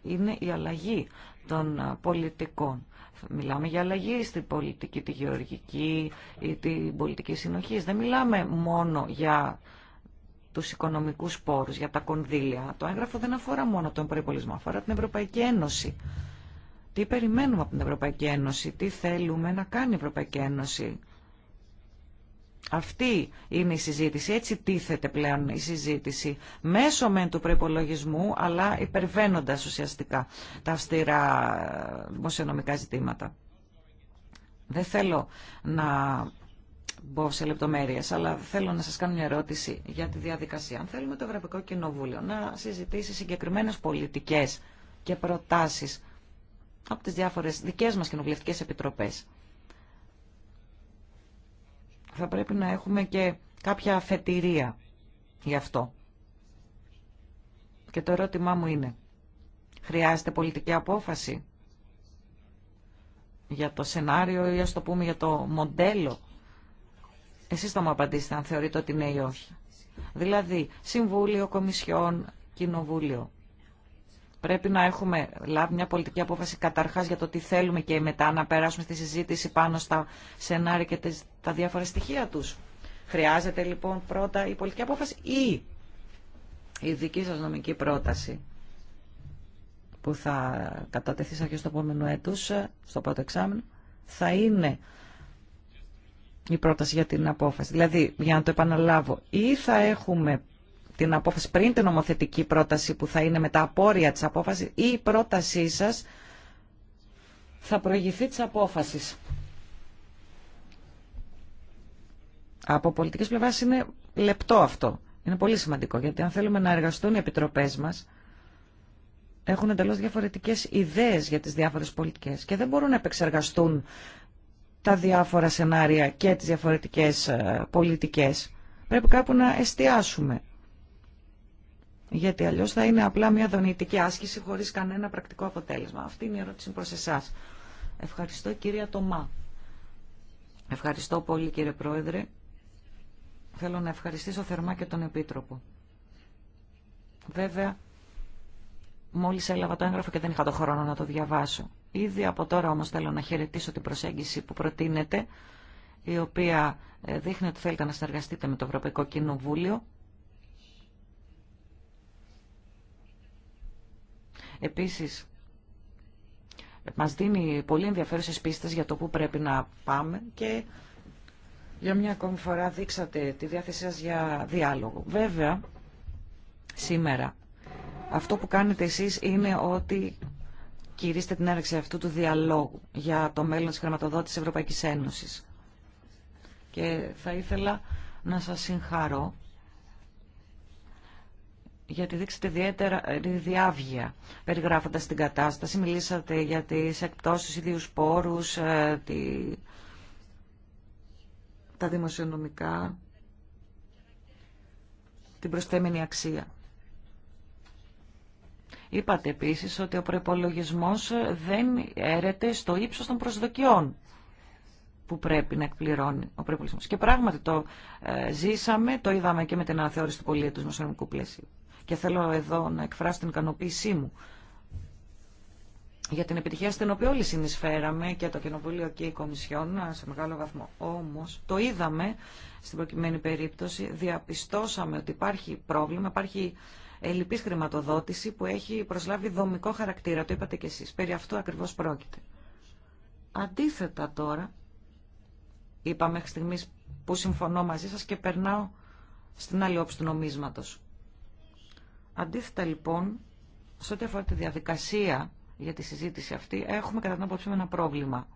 Είναι η αλλαγή των ε, πολιτικών. Μιλάμε για αλλαγή στην πολιτική, τη γεωργική ή την πολιτική συνοχή. Δεν μιλάμε μόνο για τους οικονομικούς πόρους, για τα κονδύλια. Το έγγραφο δεν αφορά μόνο τον προϋπολισμό αφορά την Ευρωπαϊκή Ένωση. Τι περιμένουμε από την Ευρωπαϊκή Ένωση, τι θέλουμε να κάνει η Ευρωπαϊκή Ένωση αυτή είναι η συζήτηση, έτσι τίθεται πλέον η συζήτηση, μέσω μεν του προπολογισμού, αλλά υπερβαίνοντας ουσιαστικά τα αυστηρά δημοσιονομικά ζητήματα. Δεν θέλω να μπω σε λεπτομέρειε, αλλά θέλω να σα κάνω μια ερώτηση για τη διαδικασία. Αν θέλουμε το Ευρωπαϊκό Κοινοβούλιο να συζητήσει συγκεκριμένε πολιτικέ και προτάσει από τι διάφορε δικέ μα κοινοβουλευτικέ επιτροπέ, θα πρέπει να έχουμε και κάποια αφετηρία γι' αυτό. Και το ερώτημά μου είναι, χρειάζεται πολιτική απόφαση για το σενάριο ή ας το πούμε για το μοντέλο. Εσείς θα μου απαντήσετε αν θεωρείτε ότι ναι ή όχι. Δηλαδή, Συμβούλιο, Κομισιόν, Κοινοβούλιο. Πρέπει να έχουμε λάβει μια πολιτική απόφαση καταρχάς για το τι θέλουμε και μετά να περάσουμε στη συζήτηση πάνω στα σενάρια και τα διάφορα στοιχεία τους. Χρειάζεται λοιπόν πρώτα η πολιτική απόφαση ή η δική σας νομική πρόταση που θα κατατεθεί σε αρχές του επόμενου έτους, στο πρώτο εξάμεινο, θα είναι η πρόταση για την απόφαση. Δηλαδή, για να το επαναλάβω, ή θα έχουμε την απόφαση πριν την νομοθετική πρόταση που θα είναι με τα απόρρια της απόφασης ή η πρότασή σας θα προηγηθεί της απόφασης. Από πολιτικής πλευράς είναι λεπτό αυτό. Είναι πολύ σημαντικό γιατί αν θέλουμε να εργαστούν οι επιτροπές μας έχουν εντελώ διαφορετικές ιδέες για τις διάφορες πολιτικές και δεν μπορούν να επεξεργαστούν τα διάφορα σενάρια και τις διαφορετικές ε, πολιτικές. Πρέπει κάπου να εστιάσουμε. Γιατί αλλιώ θα είναι απλά μια δονητική άσκηση χωρί κανένα πρακτικό αποτέλεσμα. Αυτή είναι η ερώτηση προ εσά. Ευχαριστώ κυρία Τωμά. Ευχαριστώ πολύ κύριε Πρόεδρε. Θέλω να ευχαριστήσω θερμά και τον Επίτροπο. Βέβαια, μόλις έλαβα το έγγραφο και δεν είχα το χρόνο να το διαβάσω. Ήδη από τώρα όμως θέλω να χαιρετήσω την προσέγγιση που προτείνεται, η οποία ε, δείχνει ότι θέλετε να συνεργαστείτε με το Ευρωπαϊκό Κοινοβούλιο Επίσης, μας δίνει πολύ ενδιαφέρουσες πίστες για το που πρέπει να πάμε και για μια ακόμη φορά δείξατε τη διάθεσή σας για διάλογο. Βέβαια, σήμερα, αυτό που κάνετε εσείς είναι ότι κηρύστε την έναρξη αυτού του διαλόγου για το μέλλον της χρηματοδότησης Ευρωπαϊκής Ένωσης. Και θα ήθελα να σας συγχαρώ γιατί δείξατε ιδιαίτερα ε, διάβγεια περιγράφοντας την κατάσταση. Μιλήσατε για τις εκπτώσεις ιδίους πόρους, ε, τη... τα δημοσιονομικά, την προσθέμενη αξία. Είπατε επίσης ότι ο προϋπολογισμός ε, δεν έρεται στο ύψος των προσδοκιών που πρέπει να εκπληρώνει ο προϋπολογισμός. Και πράγματι το ζήσαμε, το είδαμε και με την αναθεώρηση του πολίτου του πλαίσιου και θέλω εδώ να εκφράσω την ικανοποίησή μου για την επιτυχία στην οποία όλοι συνεισφέραμε και το Κοινοβούλιο και η Κομισιόν σε μεγάλο βαθμό. Όμως το είδαμε στην προκειμένη περίπτωση, διαπιστώσαμε ότι υπάρχει πρόβλημα, υπάρχει ελλειπής χρηματοδότηση που έχει προσλάβει δομικό χαρακτήρα, το είπατε και εσείς. Περί αυτού ακριβώς πρόκειται. Αντίθετα τώρα, είπα μέχρι στιγμής που συμφωνώ μαζί σας και περνάω στην άλλη όψη του νομίσματος. Αντίθετα λοιπόν, σε ό,τι αφορά τη διαδικασία για τη συζήτηση αυτή, έχουμε κατά την άποψή ένα πρόβλημα.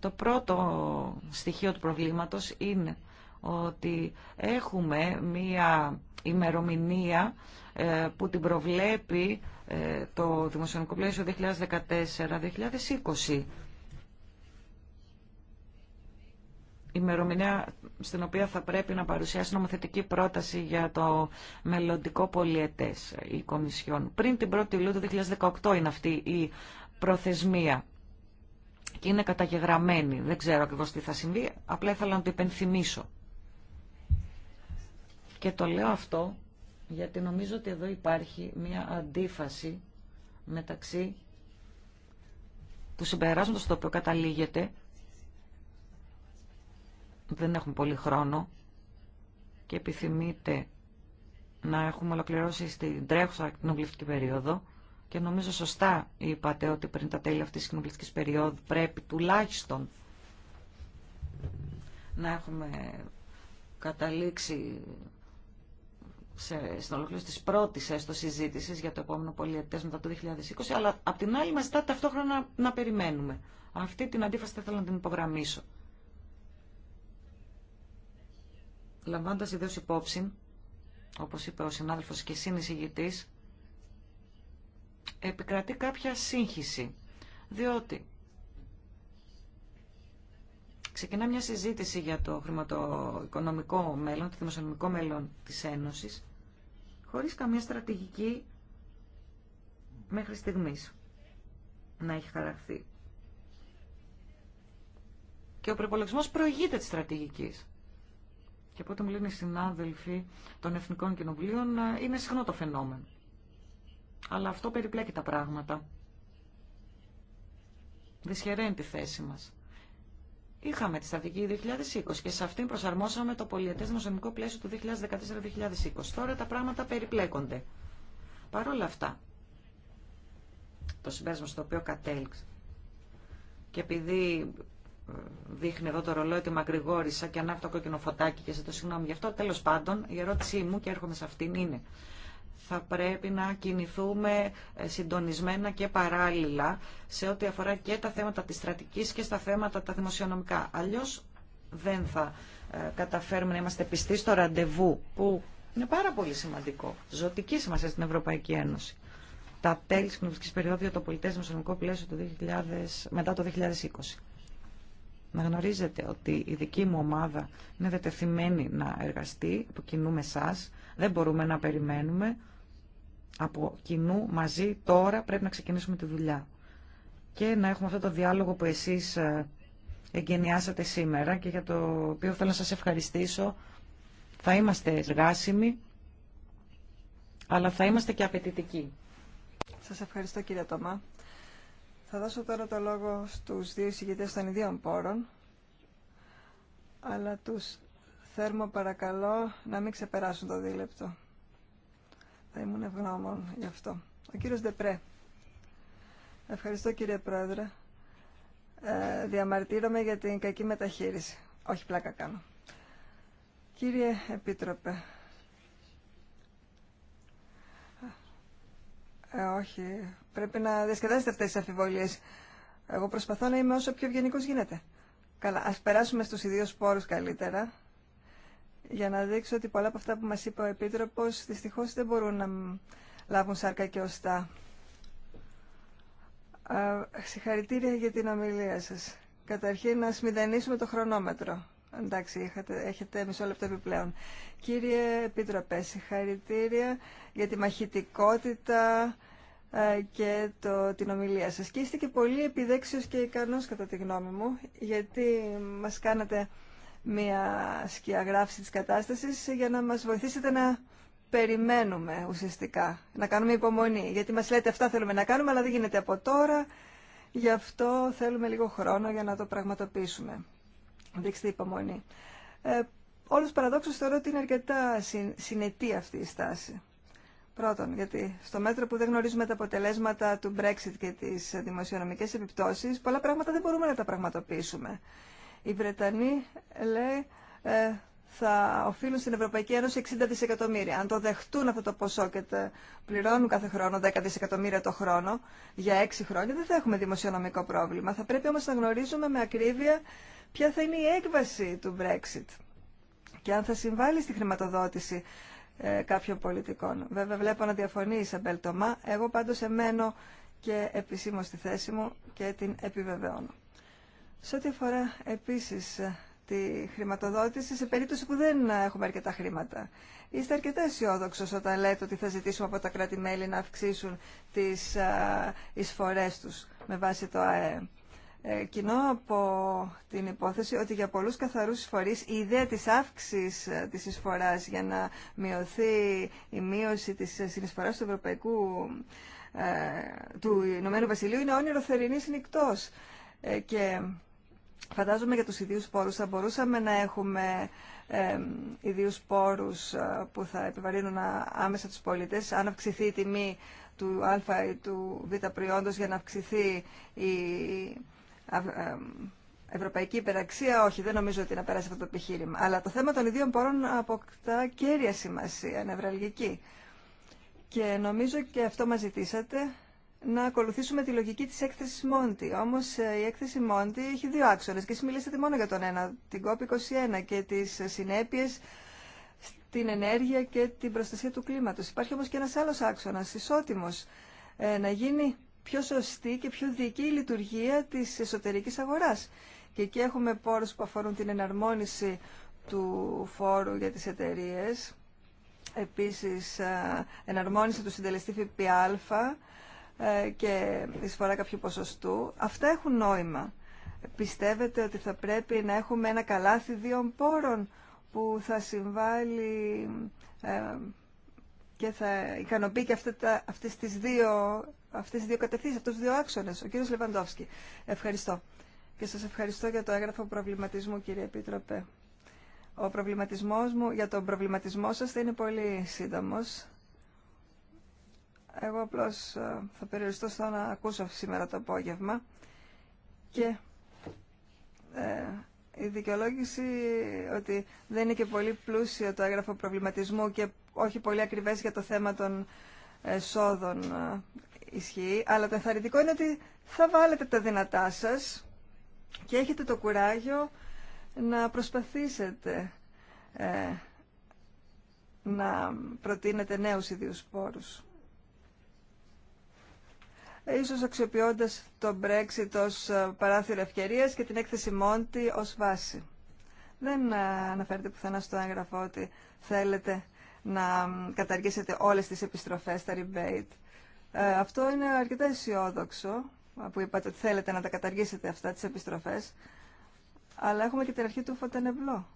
Το πρώτο στοιχείο του προβλήματος είναι ότι έχουμε μία ημερομηνία ε, που την προβλέπει ε, το Δημοσιονομικό Πλαίσιο 2014-2020. ημερομηνία στην οποία θα πρέπει να παρουσιάσει νομοθετική πρόταση για το μελλοντικό πολιετές η Κομισιόν. Πριν την 1η Ιουλίου του 2018 είναι αυτή η προθεσμία και είναι καταγεγραμμένη. Δεν ξέρω ακριβώς τι θα συμβεί, απλά ήθελα να το υπενθυμίσω. Και το λέω αυτό γιατί νομίζω ότι εδώ υπάρχει μια αντίφαση μεταξύ του συμπεράσματος στο οποίο καταλήγεται δεν έχουμε πολύ χρόνο και επιθυμείτε να έχουμε ολοκληρώσει στην τρέχουσα κοινοβουλευτική περίοδο και νομίζω σωστά είπατε ότι πριν τα τέλη αυτής της κοινοβουλευτικής περίοδου πρέπει τουλάχιστον να έχουμε καταλήξει σε, στην ολοκλήρωση της πρώτης έστω συζήτησης για το επόμενο πολιετές μετά το 2020, αλλά απ' την άλλη μας ταυτόχρονα να περιμένουμε. Αυτή την αντίφαση θα ήθελα να την υπογραμμίσω. Λαμβάνοντας ιδέως υπόψη, όπως είπε ο συνάδελφος και συνεισηγητής, επικρατεί κάποια σύγχυση, διότι ξεκινά μια συζήτηση για το χρηματοοικονομικό μέλλον, το δημοσιονομικό μέλλον της Ένωσης, χωρίς καμία στρατηγική μέχρι στιγμής να έχει χαραχθεί. Και ο προπολογισμό προηγείται τη στρατηγικής και από ό,τι μου λένε οι συνάδελφοι των Εθνικών Κοινοβουλίων, ε, είναι συχνό το φαινόμενο. Αλλά αυτό περιπλέκει τα πράγματα. Δυσχεραίνει τη θέση μας. Είχαμε τη στρατηγική 2020 και σε αυτήν προσαρμόσαμε το πολιετές δημοσιονομικό πλαίσιο του 2014-2020. Τώρα τα πράγματα περιπλέκονται. Παρ' όλα αυτά, το συμπέρασμα στο οποίο κατέληξε και επειδή δείχνει εδώ το ρολόι ότι μακρηγόρησα και ανάβει το κόκκινο φωτάκι και σε το συγγνώμη γι' αυτό. Τέλος πάντων, η ερώτησή μου και έρχομαι σε αυτήν είναι θα πρέπει να κινηθούμε ε, συντονισμένα και παράλληλα σε ό,τι αφορά και τα θέματα της στρατικής και στα θέματα τα δημοσιονομικά. Αλλιώς δεν θα ε, καταφέρουμε να είμαστε πιστοί στο ραντεβού που είναι πάρα πολύ σημαντικό, ζωτική σημασία στην Ευρωπαϊκή Ένωση. Τα τέλη της κοινωνικής περίοδου το πολιτές δημοσιονομικό πλαίσιο το 2000, μετά το 2020. Να γνωρίζετε ότι η δική μου ομάδα είναι δετεθειμένη να εργαστεί, από κοινού με Δεν μπορούμε να περιμένουμε. Από κοινού μαζί τώρα πρέπει να ξεκινήσουμε τη δουλειά. Και να έχουμε αυτό το διάλογο που εσείς ε, εγκαινιάσατε σήμερα και για το οποίο θέλω να σας ευχαριστήσω. Θα είμαστε εργάσιμοι, αλλά θα είμαστε και απαιτητικοί. Σας ευχαριστώ κύριε Τωμά. Θα δώσω τώρα το λόγο στους δύο εισηγητές των ιδίων πόρων, αλλά τους θέρμο παρακαλώ να μην ξεπεράσουν το δίλεπτο. Θα ήμουν ευγνώμων γι' αυτό. Ο κύριος Δεπρέ. Ευχαριστώ κύριε Πρόεδρε. Ε, διαμαρτύρομαι για την κακή μεταχείριση. Όχι πλάκα κάνω. Κύριε Επίτροπε, Ε, όχι. Πρέπει να διασκεδάσετε αυτέ τι αμφιβολίες. Εγώ προσπαθώ να είμαι όσο πιο ευγενικό γίνεται. Καλά, ας περάσουμε στου ιδίους πόρου καλύτερα, για να δείξω ότι πολλά από αυτά που μα είπε ο επίτροπο δυστυχώ δεν μπορούν να λάβουν σάρκα και οστά. Ε, συγχαρητήρια για την ομιλία σα. Καταρχήν, να σμηδενίσουμε το χρονόμετρο. Εντάξει, έχετε μισό λεπτό επιπλέον. Κύριε Επίτροπε, συγχαρητήρια για τη μαχητικότητα, ε, και το, την ομιλία σας. Και είστε και πολύ επιδέξιος και ικανός κατά τη γνώμη μου, γιατί μας κάνατε μια σκιαγράφηση της κατάστασης για να μας βοηθήσετε να περιμένουμε ουσιαστικά, να κάνουμε υπομονή. Γιατί μας λέτε αυτά θέλουμε να κάνουμε, αλλά δεν γίνεται από τώρα, γι' αυτό θέλουμε λίγο χρόνο για να το πραγματοποιήσουμε. Δείξτε υπομονή. Ε, όλους παραδόξως θεωρώ ότι είναι αρκετά συνετή αυτή η στάση. Πρώτον, γιατί στο μέτρο που δεν γνωρίζουμε τα αποτελέσματα του Brexit και τι δημοσιονομικέ επιπτώσει, πολλά πράγματα δεν μπορούμε να τα πραγματοποιήσουμε. Οι Βρετανοί, λέει, ε, θα οφείλουν στην Ευρωπαϊκή Ένωση 60 δισεκατομμύρια. Αν το δεχτούν αυτό το ποσό και το πληρώνουν κάθε χρόνο 10 δισεκατομμύρια το χρόνο για 6 χρόνια, δεν θα έχουμε δημοσιονομικό πρόβλημα. Θα πρέπει όμω να γνωρίζουμε με ακρίβεια ποια θα είναι η έκβαση του Brexit και αν θα συμβάλλει στη χρηματοδότηση ε, κάποιων πολιτικών. Βέβαια βλέπω να διαφωνεί η Σαμπέλ Τωμά, εγώ πάντως εμένω και επισήμω στη θέση μου και την επιβεβαιώνω. Σε ό,τι αφορά επίσης ε, τη χρηματοδότηση σε περίπτωση που δεν έχουμε αρκετά χρήματα. Είστε αρκετά αισιόδοξο όταν λέτε ότι θα ζητήσουμε από τα κράτη-μέλη να αυξήσουν τις ε, εισφορές τους με βάση το ΑΕΕ. Ε, κοινό από την υπόθεση ότι για πολλούς καθαρούς εισφορείς η ιδέα της αύξησης ε, της εισφοράς για να μειωθεί η μείωση της ε, συνεισφοράς του Ευρωπαϊκού του Ηνωμένου Βασιλείου είναι όνειρο θερινής νυκτός. Και φαντάζομαι για τους ιδίους πόρους θα μπορούσαμε να έχουμε ε, ιδίους πόρους που θα επιβαρύνουν άμεσα τους πολίτες αν αυξηθεί η τιμή του α ή του β προϊόντος για να αυξηθεί η ευρωπαϊκή υπεραξία, όχι, δεν νομίζω ότι να περάσει αυτό το επιχείρημα. Αλλά το θέμα των ιδίων πόρων αποκτά κέρια σημασία, νευραλγική. Και νομίζω και αυτό μας ζητήσατε, να ακολουθήσουμε τη λογική της έκθεσης Μόντι. Όμως ε, η έκθεση Μόντι έχει δύο άξονες και εσείς μιλήσατε μόνο για τον ένα, την COP21 και τις συνέπειες στην ενέργεια και την προστασία του κλίματος. Υπάρχει όμως και ένας άλλος άξονας, ισότιμος, ε, να γίνει πιο σωστή και πιο δική λειτουργία της εσωτερικής αγοράς. Και εκεί έχουμε πόρους που αφορούν την εναρμόνιση του φόρου για τις εταιρείε, επίσης εναρμόνιση του συντελεστή ΦΠΑ ε, και εισφορά κάποιου ποσοστού. Αυτά έχουν νόημα. Πιστεύετε ότι θα πρέπει να έχουμε ένα καλάθι δύο πόρων που θα συμβάλλει ε, και θα ικανοποιεί και αυτές τις δύο αυτές οι δύο κατευθύνσεις, αυτούς τους δύο άξονες. Ο κύριος Λεβαντόφσκι. Ευχαριστώ. Και σας ευχαριστώ για το έγγραφο προβληματισμού, κύριε Επίτροπε. Ο προβληματισμός μου, για τον προβληματισμό σας θα είναι πολύ σύντομος. Εγώ απλώς ε, θα περιοριστώ στο να ακούσω σήμερα το απόγευμα και ε, η δικαιολόγηση ότι δεν είναι και πολύ πλούσιο το έγγραφο προβληματισμού και όχι πολύ ακριβές για το θέμα των ε, εσόδων ισχύει, αλλά το ενθαρρυντικό είναι ότι θα βάλετε τα δυνατά σας και έχετε το κουράγιο να προσπαθήσετε ε, να προτείνετε νέους ιδίους πόρους. Ίσως αξιοποιώντας το Brexit ως ε, παράθυρο ευκαιρίας και την έκθεση Μόντι ως βάση. Δεν ε, αναφέρεται πουθενά στο έγγραφο ότι θέλετε να καταργήσετε όλες τις επιστροφές, στα rebate. Ε, αυτό είναι αρκετά αισιόδοξο, που είπατε ότι θέλετε να τα καταργήσετε αυτά τις επιστροφές, αλλά έχουμε και την αρχή του φωτενευλό.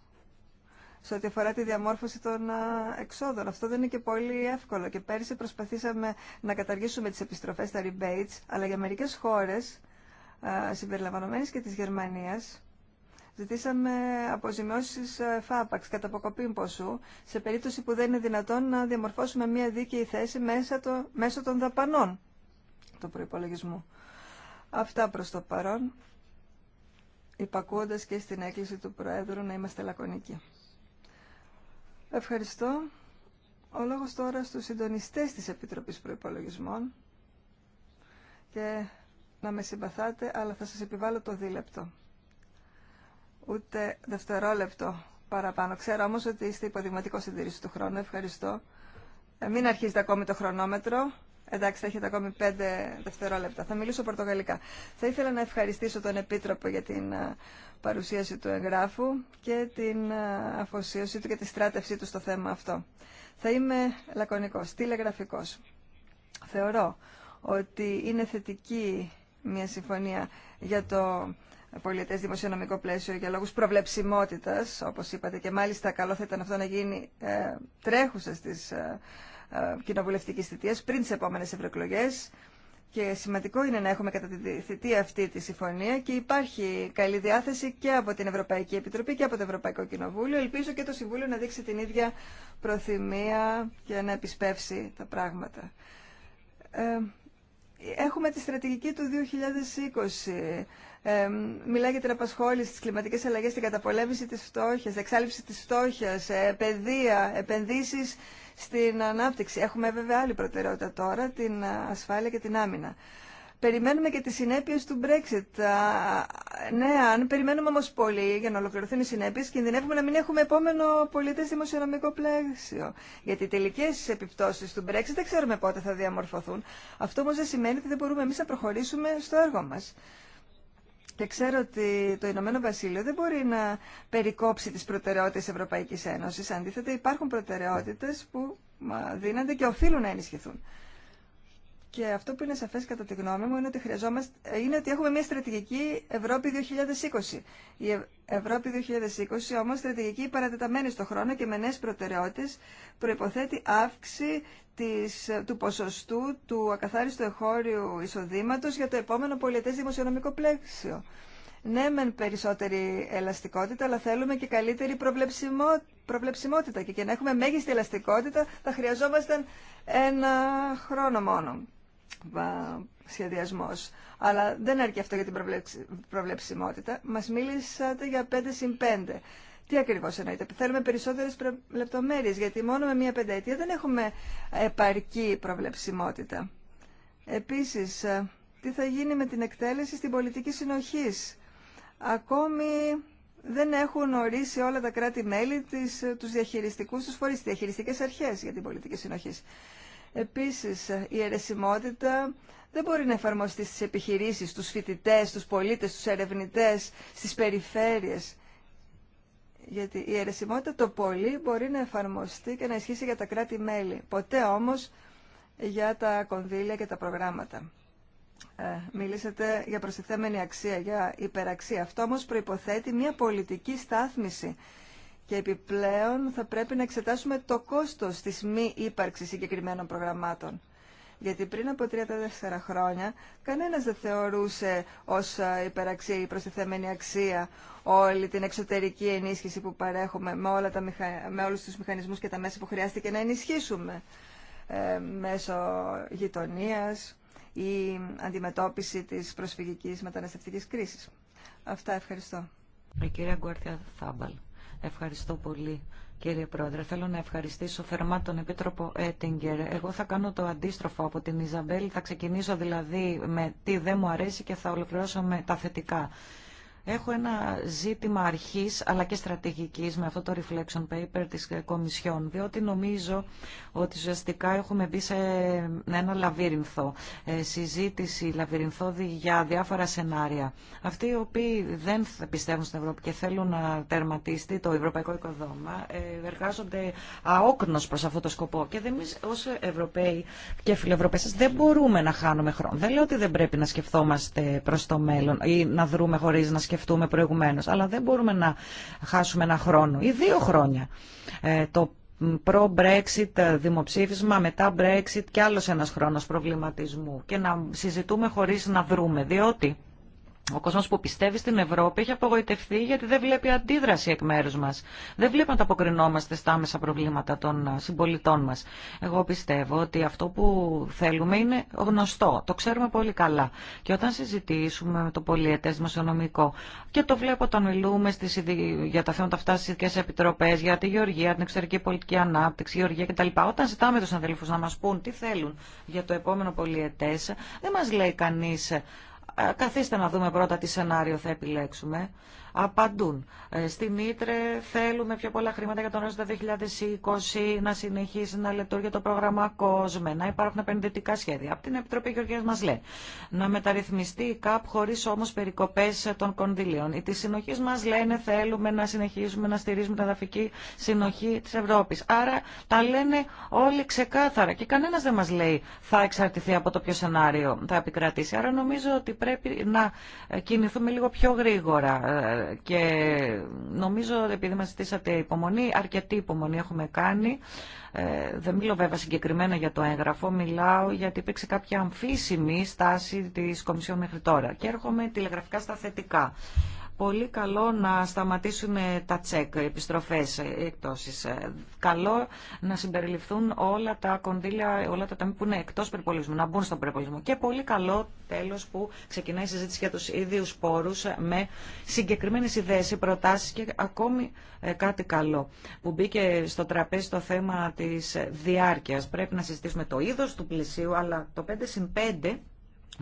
Σε ό,τι αφορά τη διαμόρφωση των ε, εξόδων. Αυτό δεν είναι και πολύ εύκολο. Και πέρυσι προσπαθήσαμε να καταργήσουμε τις επιστροφές, τα rebates, αλλά για μερικές χώρες, ε, συμπεριλαμβανομένες και της Γερμανίας, Ζητήσαμε αποζημιώσει ε, φάπαξ κατά αποκοπή ποσού σε περίπτωση που δεν είναι δυνατόν να διαμορφώσουμε μια δίκαιη θέση μέσα το, μέσω των δαπανών του προπολογισμού. Αυτά προ το παρόν, υπακούοντα και στην έκκληση του Προέδρου να είμαστε λακωνικοί. Ευχαριστώ. Ο λόγος τώρα στους συντονιστές της Επιτροπής Προϋπολογισμών και να με συμπαθάτε, αλλά θα σας επιβάλλω το δίλεπτο ούτε δευτερόλεπτο παραπάνω. Ξέρω όμως ότι είστε υποδηματικός συντηρήση του χρόνου. Ευχαριστώ. Ε, μην αρχίζετε ακόμη το χρονόμετρο. Εντάξει, θα έχετε ακόμη πέντε δευτερόλεπτα. Θα μιλήσω πορτογαλικά. Θα ήθελα να ευχαριστήσω τον Επίτροπο για την ε, παρουσίαση του εγγράφου και την ε, αφοσίωσή του και τη στράτευσή του στο θέμα αυτό. Θα είμαι λακωνικός, τηλεγραφικός. Θεωρώ ότι είναι θετική μια συμφωνία για το πολιτέ δημοσιονομικό πλαίσιο για λόγους προβλέψιμότητα, όπω είπατε, και μάλιστα καλό θα ήταν αυτό να γίνει ε, τρέχουσα στις ε, ε, κοινοβουλευτικές θητείες πριν τι επόμενε ευρωεκλογέ. Και σημαντικό είναι να έχουμε κατά τη θητεία αυτή τη συμφωνία και υπάρχει καλή διάθεση και από την Ευρωπαϊκή Επιτροπή και από το Ευρωπαϊκό Κοινοβούλιο. Ελπίζω και το Συμβούλιο να δείξει την ίδια προθυμία και να επισπεύσει τα πράγματα. Ε, έχουμε τη στρατηγική του 2020 ε, μιλάει για την απασχόληση, τι κλιματικέ αλλαγέ την καταπολέμηση τη φτώχειας, εξάλληψη τη φτώχεια, ε, παιδεία, επενδύσεις στην ανάπτυξη. Έχουμε βέβαια άλλη προτεραιότητα τώρα, την ε, ασφάλεια και την άμυνα. Περιμένουμε και τι συνέπειε του Brexit. Ναι, αν περιμένουμε όμω πολύ για να ολοκληρωθούν οι συνέπειε, κινδυνεύουμε να μην έχουμε επόμενο πολιτές δημοσιονομικό πλαίσιο. Γιατί οι τελικέ επιπτώσει του Brexit δεν ξέρουμε πότε θα διαμορφωθούν. Αυτό όμω δεν σημαίνει ότι δεν μπορούμε εμεί να προχωρήσουμε στο έργο μα. Και ξέρω ότι το Ηνωμένο Βασίλειο δεν μπορεί να περικόψει τις προτεραιότητες Ευρωπαϊκής Ένωσης. Αντίθετα, υπάρχουν προτεραιότητες που δίνονται και οφείλουν να ενισχυθούν. Και αυτό που είναι σαφές κατά τη γνώμη μου είναι ότι, χρειαζόμαστε, είναι ότι έχουμε μια στρατηγική Ευρώπη 2020. Η Ευρώπη 2020 όμως στρατηγική παρατεταμένη στο χρόνο και με νέες προτεραιότητες προϋποθέτει αύξηση της, του ποσοστού του ακαθάριστου εχώριου εισοδήματος για το επόμενο πολιτές δημοσιονομικό πλαίσιο. Ναι, μεν περισσότερη ελαστικότητα, αλλά θέλουμε και καλύτερη προβλεψιμο... προβλεψιμότητα και, και να έχουμε μέγιστη ελαστικότητα θα χρειαζόμασταν ένα χρόνο μόνο σχεδιασμός. Αλλά δεν αρκεί αυτό για την προβλεψιμότητα. Μας μίλησατε για 5 συν 5. Τι ακριβώς εννοείται. Θέλουμε περισσότερες λεπτομέρειες, γιατί μόνο με μία πενταετία δεν έχουμε επαρκή προβλεψιμότητα. Επίσης, τι θα γίνει με την εκτέλεση στην πολιτική συνοχής. Ακόμη δεν έχουν ορίσει όλα τα κράτη-μέλη τους διαχειριστικούς τους φορείς, τις διαχειριστικές αρχές για την πολιτική συνοχής. Επίσης, η αιρεσιμότητα δεν μπορεί να εφαρμοστεί στις επιχειρήσεις, στους φοιτητές, στους πολίτες, στους ερευνητές, στις περιφέρειες. Γιατί η αιρεσιμότητα το πολύ μπορεί να εφαρμοστεί και να ισχύσει για τα κράτη-μέλη. Ποτέ όμως για τα κονδύλια και τα προγράμματα. Ε, μιλήσατε για προστιθέμενη αξία, για υπεραξία. Αυτό όμως προϋποθέτει μια πολιτική στάθμιση και επιπλέον θα πρέπει να εξετάσουμε το κόστος της μη ύπαρξης συγκεκριμένων προγραμμάτων. Γιατί πριν απο 34 χρόνια κανένας δεν θεωρούσε ως υπεραξία ή προστιθέμενη αξία όλη την εξωτερική ενίσχυση που παρέχουμε με, όλα τα μηχα... με όλους τους μηχανισμούς και τα μέσα που χρειάστηκε να ενισχύσουμε ε, μέσω γειτονίας ή αντιμετώπιση της προσφυγικής μεταναστευτικής κρίσης. Αυτά ευχαριστώ. Η κυρία Γκουάρτια Θάμπαλ. Ευχαριστώ πολύ κύριε Πρόεδρε. Θέλω να ευχαριστήσω θερμά τον Επίτροπο Έτιγκερ. Εγώ θα κάνω το αντίστροφο από την Ιζαμπέλη. Θα ξεκινήσω δηλαδή με τι δεν μου αρέσει και θα ολοκληρώσω με τα θετικά. Έχω ένα ζήτημα αρχής αλλά και στρατηγικής με αυτό το reflection paper της Κομισιόν, διότι νομίζω ότι ουσιαστικά έχουμε μπει σε ένα λαβύρινθο, ε, συζήτηση λαβύρινθόδη για διάφορα σενάρια. Αυτοί οι οποίοι δεν πιστεύουν στην Ευρώπη και θέλουν να τερματίσει το ευρωπαϊκό οικοδόμα, ε, εργάζονται αόκνος προς αυτό το σκοπό. Και εμεί, ως Ευρωπαίοι και φιλοευρωπαίες δεν μπορούμε να χάνουμε χρόνο. Δεν λέω ότι δεν πρέπει να σκεφτόμαστε προς το μέλλον ή να δρούμε χωρίς να σκεφτόμαστε σκεφτούμε προηγουμένως. Αλλά δεν μπορούμε να χάσουμε ένα χρόνο ή δύο χρόνια. Ε, το προ-Brexit δημοψήφισμα, μετά Brexit και άλλος ένας χρόνος προβληματισμού και να συζητούμε χωρίς να βρούμε διότι ο κόσμο που πιστεύει στην Ευρώπη έχει απογοητευτεί γιατί δεν βλέπει αντίδραση εκ μέρου μα. Δεν βλέπει να τα αποκρινόμαστε στα άμεσα προβλήματα των συμπολιτών μα. Εγώ πιστεύω ότι αυτό που θέλουμε είναι γνωστό. Το ξέρουμε πολύ καλά. Και όταν συζητήσουμε με το πολιετέ δημοσιονομικό και το βλέπω όταν μιλούμε στις, για τα θέματα αυτά στι ειδικέ επιτροπέ, για τη γεωργία, την εξωτερική πολιτική ανάπτυξη, γεωργία κτλ. Όταν ζητάμε του αδελφούς να μα πούν τι θέλουν για το επόμενο πολιετέ, δεν μα λέει κανεί καθίστε να δούμε πρώτα τι σενάριο θα επιλέξουμε απαντούν. Ε, στην Ήτρε θέλουμε πιο πολλά χρήματα για τον το 2020, να συνεχίσει να λειτουργεί το πρόγραμμα COSME, να υπάρχουν επενδυτικά σχέδια. Από την Επιτροπή Γεωργίας μας λέει να μεταρρυθμιστεί η ΚΑΠ χωρίς όμως περικοπές των κονδυλίων. Οι της συνοχής μας λένε θέλουμε να συνεχίσουμε να στηρίζουμε την εδαφική συνοχή της Ευρώπης. Άρα τα λένε όλοι ξεκάθαρα και κανένας δεν μας λέει θα εξαρτηθεί από το ποιο σενάριο θα επικρατήσει. Άρα νομίζω ότι πρέπει να κινηθούμε λίγο πιο γρήγορα ε, και νομίζω επειδή μας ζητήσατε υπομονή, αρκετή υπομονή έχουμε κάνει. Ε, δεν μιλώ βέβαια συγκεκριμένα για το έγγραφο, μιλάω γιατί υπήρξε κάποια αμφίσιμη στάση της Κομισιόν μέχρι τώρα. Και έρχομαι τηλεγραφικά στα θετικά πολύ καλό να σταματήσουμε τα τσεκ, επιστροφές, εκτόσεις. Ε, καλό να συμπεριληφθούν όλα τα κονδύλια, όλα τα ταμεία που είναι εκτός περιπολισμού, να μπουν στον περιπολισμό. Και πολύ καλό τέλος που ξεκινάει η συζήτηση για τους ίδιους πόρους ε, με συγκεκριμένες ιδέες, προτάσεις και ακόμη ε, κάτι καλό που μπήκε στο τραπέζι το θέμα της διάρκειας. Πρέπει να συζητήσουμε το είδος του πλησίου, αλλά το 5 συν 5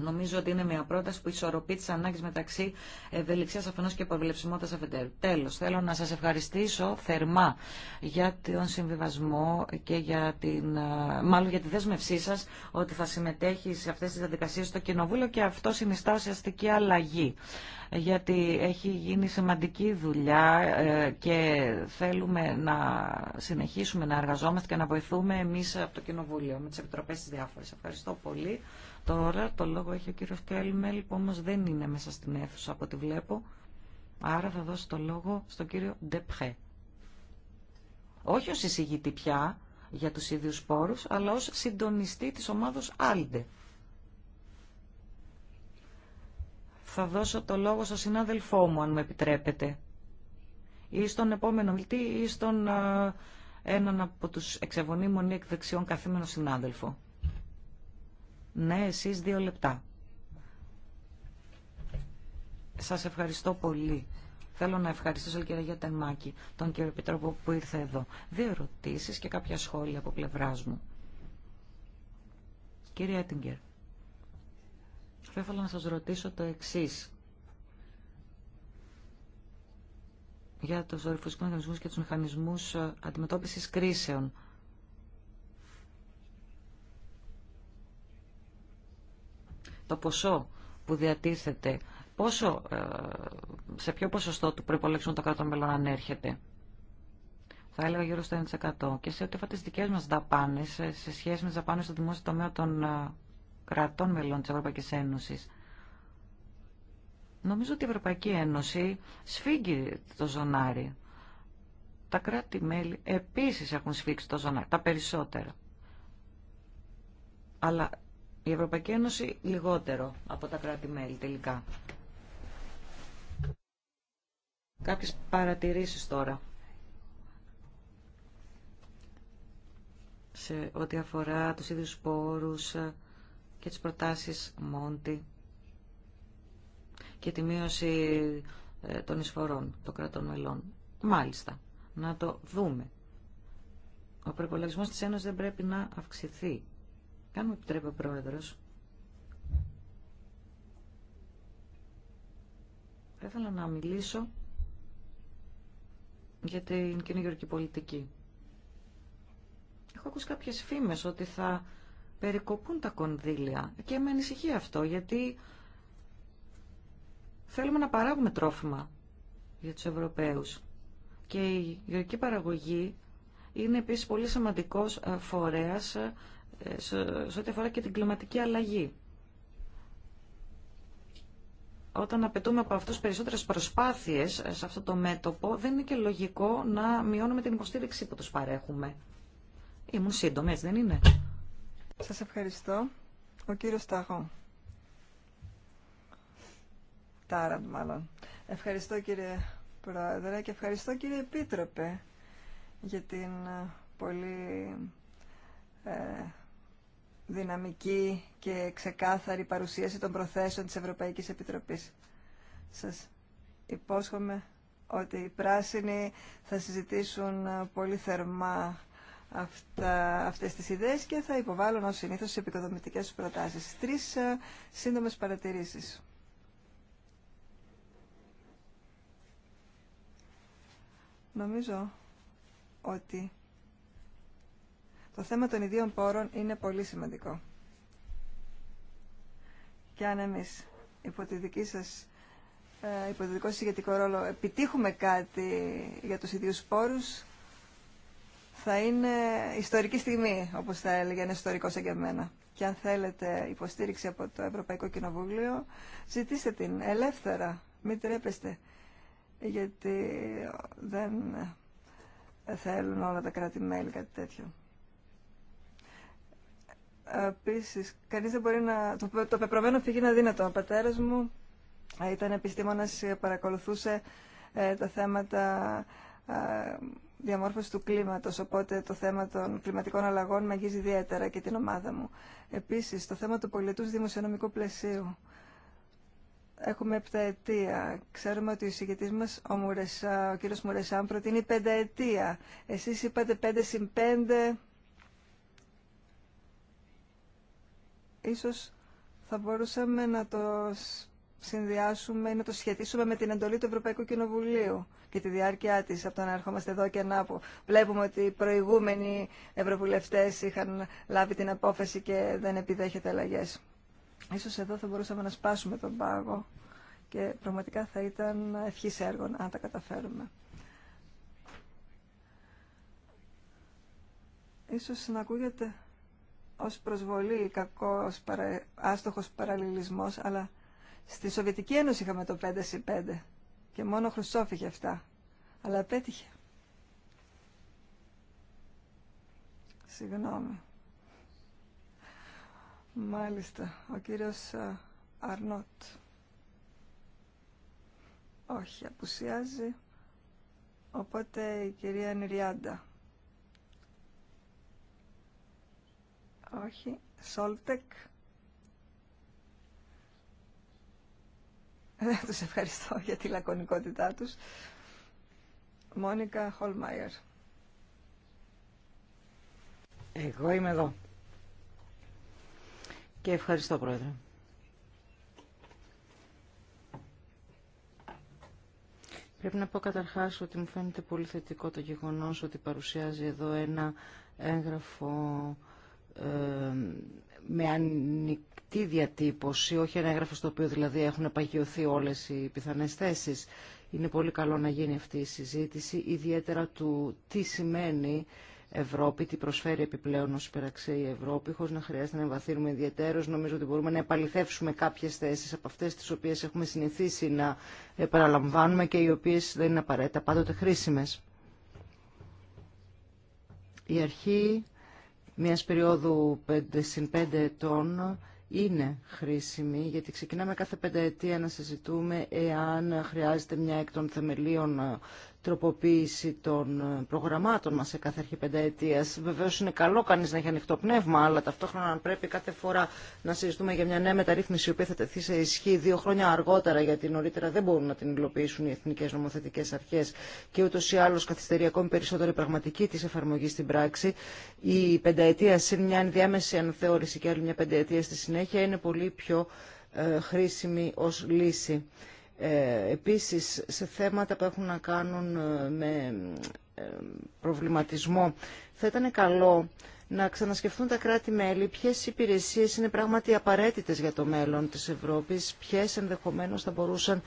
Νομίζω ότι είναι μια πρόταση που ισορροπεί τι ανάγκε μεταξύ ευελιξία αφενό και προβλεψιμότητα αφεντέρου. Τέλο, θέλω να σα ευχαριστήσω θερμά για τον συμβιβασμό και για την, μάλλον για τη δέσμευσή σα ότι θα συμμετέχει σε αυτέ τι διαδικασίε στο Κοινοβούλιο και αυτό συνιστά ουσιαστική αλλαγή. Γιατί έχει γίνει σημαντική δουλειά ε, και θέλουμε να συνεχίσουμε να εργαζόμαστε και να βοηθούμε εμεί από το Κοινοβούλιο με τι επιτροπέ τη διάφορε. Ευχαριστώ πολύ. Τώρα το λόγο έχει ο κύριος Κέλμελ που όμως δεν είναι μέσα στην αίθουσα από ό,τι βλέπω. Άρα θα δώσω το λόγο στον κύριο Ντεπχέ. Όχι ως εισηγητή πια για τους ίδιους πόρους, αλλά ως συντονιστή της ομάδος Άλντε. Θα δώσω το λόγο στον συνάδελφό μου, αν μου επιτρέπετε. Ή στον επόμενο μιλτή, ή στον ε, έναν από τους εξευωνίμων ή εκδεξιών καθήμενο συνάδελφο. Ναι, εσείς δύο λεπτά. Σας ευχαριστώ πολύ. Θέλω να ευχαριστήσω και για τον κύριο Επιτρόπο που ήρθε εδώ. Δύο ερωτήσεις και κάποια σχόλια από πλευρά μου. Κύριε Έτιγκερ, θα ήθελα να σας ρωτήσω το εξής. Για τους ορυφωσικούς μηχανισμούς και τους μηχανισμούς ε, αντιμετώπισης κρίσεων. το ποσό που διατίθεται, πόσο, ε, σε ποιο ποσοστό του προπολογισμού το κράτο μελών ανέρχεται. Θα έλεγα γύρω στο 1% και σε ό,τι αφορά τι δικέ μα δαπάνε, σε σχέση με τι δαπάνε στο δημόσιο τομέα των ε, κρατών μελών τη Ευρωπαϊκή Ένωση. Νομίζω ότι η Ευρωπαϊκή Ένωση σφίγγει το ζωνάρι. Τα κράτη-μέλη επίσης έχουν σφίξει το ζωνάρι, τα περισσότερα. Αλλά η Ευρωπαϊκή Ένωση λιγότερο από τα κράτη-μέλη τελικά. Κάποιες παρατηρήσεις τώρα. Σε ό,τι αφορά τους ίδιους πόρους και τις προτάσεις Μόντι και τη μείωση ε, των εισφορών των κρατών μελών. Μάλιστα, να το δούμε. Ο προπολογισμό της Ένωσης δεν πρέπει να αυξηθεί αν μου Πρόεδρος, θα ήθελα να μιλήσω για την κοινή πολιτική. Έχω ακούσει κάποιες φήμες ότι θα περικοπούν τα κονδύλια και με ανησυχεί αυτό γιατί θέλουμε να παράγουμε τρόφιμα για τους Ευρωπαίους και η γεωργική παραγωγή είναι επίσης πολύ σημαντικός ε, φορέας ε, ε, σε ό,τι αφορά και την κλιματική αλλαγή. Όταν απαιτούμε από αυτούς περισσότερες προσπάθειες σε αυτό το μέτωπο, δεν είναι και λογικό να μειώνουμε την υποστήριξη που τους παρέχουμε. Ήμουν σύντομη, έτσι δεν είναι. Σας ευχαριστώ. Ο κύριος Τάχο. Τάραντ μάλλον. Ευχαριστώ κύριε Πρόεδρε και ευχαριστώ κύριε Επίτροπε για την ε, πολύ ε, δυναμική και ξεκάθαρη παρουσίαση των προθέσεων της Ευρωπαϊκής Επιτροπής. Σας υπόσχομαι ότι οι πράσινοι θα συζητήσουν ε, πολύ θερμά αυτά, αυτές τις ιδέες και θα υποβάλουν ως συνήθως τις επικοδομητικές προτάσεις. Τρεις ε, σύντομες παρατηρήσεις. Νομίζω ότι το θέμα των ιδίων πόρων είναι πολύ σημαντικό. Και αν εμείς υπό τη δική ε, σας ηγετικό ρόλο επιτύχουμε κάτι για τους ιδίους πόρους θα είναι ιστορική στιγμή, όπως θα έλεγε ένα ιστορικό σαν και Και αν θέλετε υποστήριξη από το Ευρωπαϊκό Κοινοβούλιο, ζητήστε την ελεύθερα, μην τρέπεστε, γιατί δεν θέλουν όλα τα κράτη-μέλη κάτι τέτοιο. Επίση, κανεί δεν μπορεί να. Το, το πεπρωμένο φύγει είναι αδύνατο. Ο πατέρα μου ε, ήταν επιστήμονα, ε, παρακολουθούσε ε, τα θέματα ε, διαμόρφωση του κλίματο. Οπότε το θέμα των κλιματικών αλλαγών με αγγίζει ιδιαίτερα και την ομάδα μου. Επίση, το θέμα του πολιτού δημοσιονομικού πλαισίου. Έχουμε επταετία. Ξέρουμε ότι ο συγκεκριτή μα, ο, ο κύριο Μουρεσάν, προτείνει πενταετία. Εσεί είπατε πέντε συν 5 ίσως θα μπορούσαμε να το συνδυάσουμε ή να το σχετίσουμε με την εντολή του Ευρωπαϊκού Κοινοβουλίου και τη διάρκεια της από το να ερχόμαστε εδώ και να βλέπουμε ότι οι προηγούμενοι ευρωβουλευτές είχαν λάβει την απόφαση και δεν επιδέχεται αλλαγέ. Ίσως εδώ θα μπορούσαμε να σπάσουμε τον πάγο και πραγματικά θα ήταν ευχή έργων αν τα καταφέρουμε. Ίσως να ακούγεται ως προσβολή, κακός, παρα, άστοχος παραλληλισμός, αλλά στη Σοβιετική Ένωση είχαμε το 5 5 και μόνο Χρουσόφ είχε αυτά, αλλά πέτυχε. Συγγνώμη. Μάλιστα, ο κύριος ε, Αρνότ. Όχι, απουσιάζει. Οπότε η κυρία Νιριάντα. Όχι. Σόλτεκ. Δεν τους ευχαριστώ για τη λακωνικότητά τους. Μόνικα Χολμάιερ. Εγώ είμαι εδώ. Και ευχαριστώ, Πρόεδρε. Πρέπει να πω καταρχάς ότι μου φαίνεται πολύ θετικό το γεγονός ότι παρουσιάζει εδώ ένα έγγραφο ε, με ανοιχτή διατύπωση, όχι ένα έγγραφο στο οποίο δηλαδή έχουν παγιωθεί όλες οι πιθανές θέσεις. Είναι πολύ καλό να γίνει αυτή η συζήτηση, ιδιαίτερα του τι σημαίνει Ευρώπη, τι προσφέρει επιπλέον ως υπεραξία η Ευρώπη, χωρί να χρειάζεται να εμβαθύνουμε ιδιαίτερως. Νομίζω ότι μπορούμε να επαληθεύσουμε κάποιες θέσεις από αυτές τις οποίες έχουμε συνηθίσει να παραλαμβάνουμε και οι οποίες δεν είναι απαραίτητα πάντοτε χρήσιμες. Η αρχή μιας περίοδου 5 συν 5 ετών είναι χρήσιμη, γιατί ξεκινάμε κάθε πενταετία να συζητούμε εάν χρειάζεται μια εκ των θεμελίων τροποποίηση των ε, προγραμμάτων μας σε κάθε αρχή πενταετίας. Βεβαίως είναι καλό κανείς να έχει ανοιχτό πνεύμα, αλλά ταυτόχρονα πρέπει κάθε φορά να συζητούμε για μια νέα μεταρρύθμιση η οποία θα τεθεί σε ισχύ δύο χρόνια αργότερα, γιατί νωρίτερα δεν μπορούν να την υλοποιήσουν οι εθνικές νομοθετικές αρχές και ούτως ή άλλως καθυστερεί ακόμη περισσότερο η πραγματική της εφαρμογής στην πράξη. Η πραγματικη της εφαρμογη στην πραξη η πενταετια συν μια ενδιάμεση αναθεώρηση και άλλη μια πενταετία στη συνέχεια είναι πολύ πιο ε, χρήσιμη ως λύση. Ε, επίσης, σε θέματα που έχουν να κάνουν ε, με ε, προβληματισμό, θα ήταν καλό να ξανασκεφτούν τα κράτη-μέλη ποιες υπηρεσίες είναι πράγματι απαραίτητες για το μέλλον της Ευρώπης, ποιες ενδεχομένως θα μπορούσαν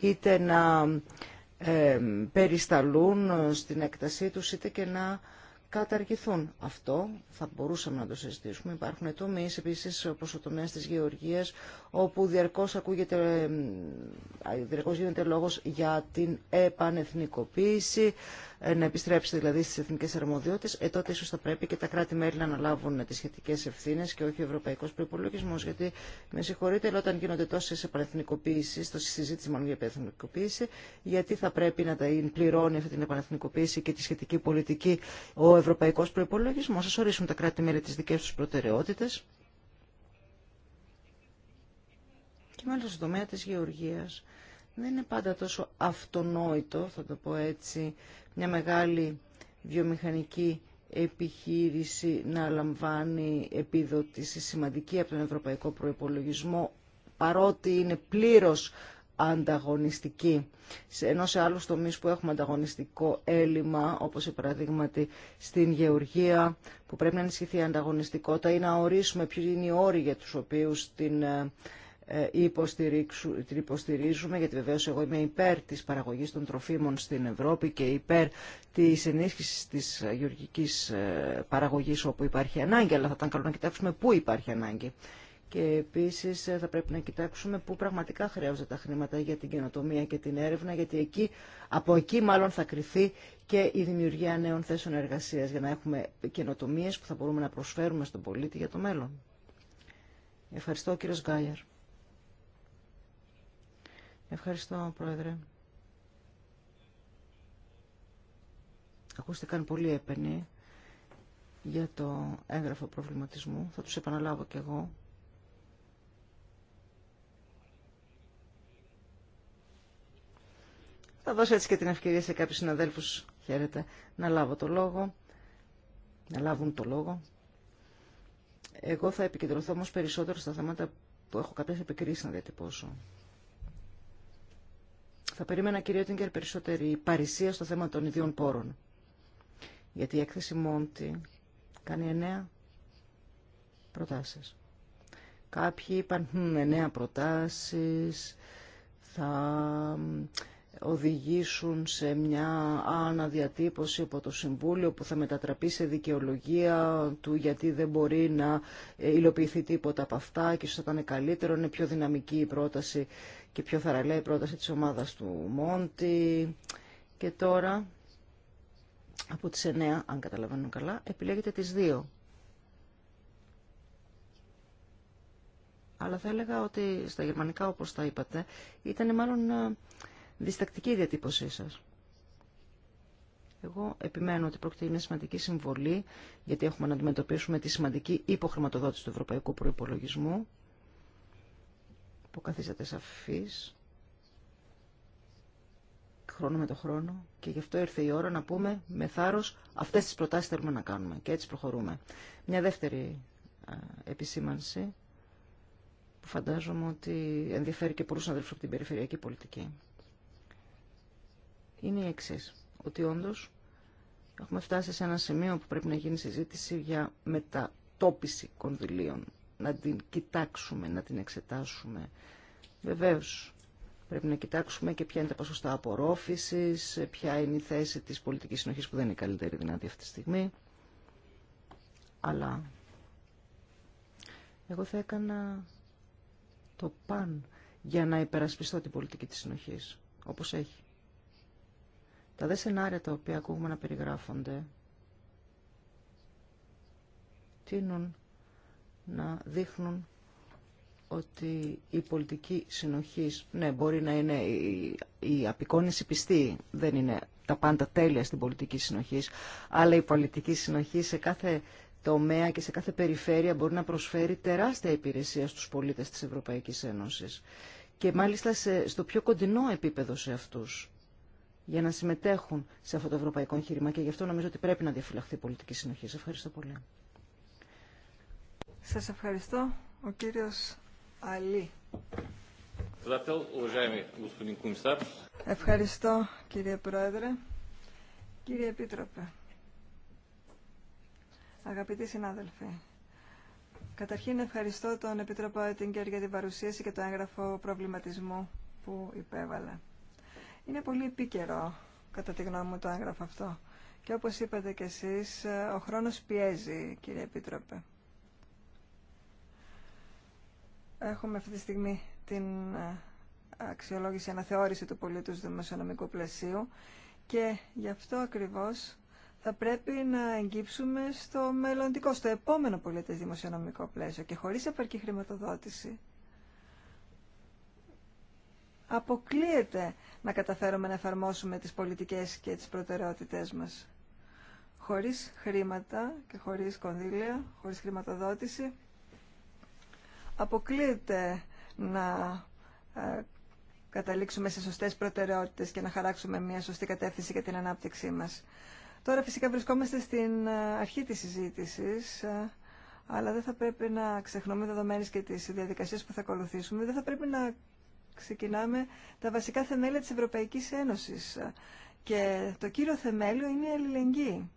είτε να περισταλούν στην έκτασή τους, είτε και να καταργηθούν. Αυτό θα μπορούσαμε να το συζητήσουμε. Υπάρχουν τομεί επίση όπω ο τομέα τη γεωργία, όπου διαρκώ ακούγεται, ε, διαρκώς γίνεται λόγο για την επανεθνικοποίηση. Ε, να επιστρέψει δηλαδή στι εθνικέ αρμοδιότητε, ε, τότε ίσω θα πρέπει και τα κράτη-μέλη να αναλάβουν τι σχετικέ ευθύνε και όχι ο ευρωπαϊκό προπολογισμό, γιατί με συγχωρείτε, αλλά όταν γίνονται τόσε επανεθνικοποίησει, τόση συζήτηση μάλλον για επανεθνικοποίηση, γιατί θα πρέπει να τα πληρώνει αυτή την επανεθνικοποίηση και τη σχετική πολιτική ο ευρωπαϊκό προπολογισμό, α ορίσουν τα κράτη-μέλη τι δικέ του προτεραιότητε. Και μάλιστα στον τομέα τη γεωργία. δεν είναι πάντα τόσο αυτονόητο, θα το πω έτσι, μια μεγάλη βιομηχανική επιχείρηση να λαμβάνει επιδότηση σημαντική από τον Ευρωπαϊκό Προϋπολογισμό παρότι είναι πλήρως ανταγωνιστική. Ενώ σε άλλους τομείς που έχουμε ανταγωνιστικό έλλειμμα, όπως η παραδείγματι στην γεωργία, που πρέπει να ενισχυθεί η ανταγωνιστικότητα ή να ορίσουμε ποιοι είναι οι όροι για τους οποίους την ε, ε, την υποστηρίζουμε, γιατί βεβαίω εγώ είμαι υπέρ της παραγωγής των τροφίμων στην Ευρώπη και υπέρ της ενίσχυσης της γεωργικής ε, παραγωγής όπου υπάρχει ανάγκη, αλλά θα ήταν καλό να κοιτάξουμε πού υπάρχει ανάγκη. Και επίσης ε, θα πρέπει να κοιτάξουμε πού πραγματικά χρειάζονται τα χρήματα για την καινοτομία και την έρευνα, γιατί εκεί, από εκεί μάλλον θα κρυθεί και η δημιουργία νέων θέσεων εργασίας, για να έχουμε καινοτομίε που θα μπορούμε να προσφέρουμε στον πολίτη για το μέλλον. Ευχαριστώ κύριο Γκάιερ. Ευχαριστώ, Πρόεδρε. Ακούστηκαν πολύ έπαινοι για το έγγραφο προβληματισμού. Θα τους επαναλάβω κι εγώ. Θα δώσω έτσι και την ευκαιρία σε κάποιους συναδέλφους, χαίρετε, να λάβω το λόγο, να λάβουν το λόγο. Εγώ θα επικεντρωθώ όμως περισσότερο στα θέματα που έχω κάποιες επικρίσεις να διατυπώσω. Θα περίμενα, την Τίνκερ, περισσότερη παρησία στο θέμα των ιδίων πόρων. Γιατί η έκθεση Μόντι κάνει εννέα προτάσεις. Κάποιοι είπαν εννέα προτάσεις, θα οδηγήσουν σε μια αναδιατύπωση από το Συμβούλιο που θα μετατραπεί σε δικαιολογία του γιατί δεν μπορεί να υλοποιηθεί τίποτα από αυτά και ίσως θα ήταν καλύτερο, είναι πιο δυναμική η πρόταση και πιο θαραλέα η πρόταση της ομάδας του Μόντι. Και τώρα από τις 9, αν καταλαβαίνω καλά, επιλέγετε τις δύο. Αλλά θα έλεγα ότι στα γερμανικά, όπως τα είπατε, ήταν μάλλον διστακτική διατύπωσή σας. Εγώ επιμένω ότι πρόκειται για μια σημαντική συμβολή, γιατί έχουμε να αντιμετωπίσουμε τη σημαντική υποχρηματοδότηση του ευρωπαϊκού προϋπολογισμού, που καθίσατε σαφής, χρόνο με το χρόνο, και γι' αυτό ήρθε η ώρα να πούμε με θάρρος αυτές τις προτάσεις θέλουμε να κάνουμε και έτσι προχωρούμε. Μια δεύτερη επισήμανση που φαντάζομαι ότι ενδιαφέρει και πολλούς αδελφούς από την περιφερειακή πολιτική είναι η εξή. Ότι όντω έχουμε φτάσει σε ένα σημείο που πρέπει να γίνει συζήτηση για μετατόπιση κονδυλίων. Να την κοιτάξουμε, να την εξετάσουμε. Βεβαίω. Πρέπει να κοιτάξουμε και ποια είναι τα ποσοστά απορρόφηση, ποια είναι η θέση τη πολιτική συνοχή που δεν είναι η καλύτερη δυνατή αυτή τη στιγμή. Αλλά εγώ θα έκανα το παν για να υπερασπιστώ την πολιτική της συνοχής, όπως έχει. Τα δε σενάρια τα οποία ακούγουμε να περιγράφονται τείνουν να δείχνουν ότι η πολιτική συνοχής, ναι, μπορεί να είναι η, η απεικόνηση πιστή, δεν είναι τα πάντα τέλεια στην πολιτική συνοχής, αλλά η πολιτική συνοχή σε κάθε τομέα και σε κάθε περιφέρεια μπορεί να προσφέρει τεράστια υπηρεσία στους πολίτες της Ευρωπαϊκής Ένωσης και μάλιστα σε, στο πιο κοντινό επίπεδο σε αυτούς για να συμμετέχουν σε αυτό το ευρωπαϊκό εγχείρημα και γι' αυτό νομίζω ότι πρέπει να διαφυλαχθεί η πολιτική συνοχή. Σας ευχαριστώ πολύ. Σας ευχαριστώ. Ο κύριος Αλή. Ευχαριστώ κύριε Πρόεδρε. Κύριε Επίτροπε, αγαπητοί συνάδελφοι, καταρχήν ευχαριστώ τον Επίτροπο Έτιγκερ για την παρουσίαση και το έγγραφο προβληματισμού που υπέβαλε. Είναι πολύ επίκαιρο, κατά τη γνώμη μου, το έγγραφο αυτό. Και όπως είπατε κι εσείς, ο χρόνος πιέζει, κύριε Επίτροπε. Έχουμε αυτή τη στιγμή την ε, αξιολόγηση αναθεώρηση του πολίτου δημοσιονομικού πλαισίου και γι' αυτό ακριβώς θα πρέπει να εγγύψουμε στο μελλοντικό, στο επόμενο πολίτες δημοσιονομικό πλαίσιο και χωρίς επαρκή χρηματοδότηση αποκλείεται να καταφέρουμε να εφαρμόσουμε τις πολιτικές και τις προτεραιότητές μας. Χωρίς χρήματα και χωρίς κονδύλια, χωρίς χρηματοδότηση, αποκλείεται να ε, καταλήξουμε σε σωστές προτεραιότητες και να χαράξουμε μια σωστή κατεύθυνση για την ανάπτυξή μας. Τώρα φυσικά βρισκόμαστε στην ε, αρχή της συζήτησης, ε, αλλά δεν θα πρέπει να ξεχνούμε δεδομένες και τις διαδικασίες που θα ακολουθήσουμε. Δεν θα πρέπει να ξεκινάμε τα βασικά θεμέλια της Ευρωπαϊκής Ένωσης. Και το κύριο θεμέλιο είναι η αλληλεγγύη.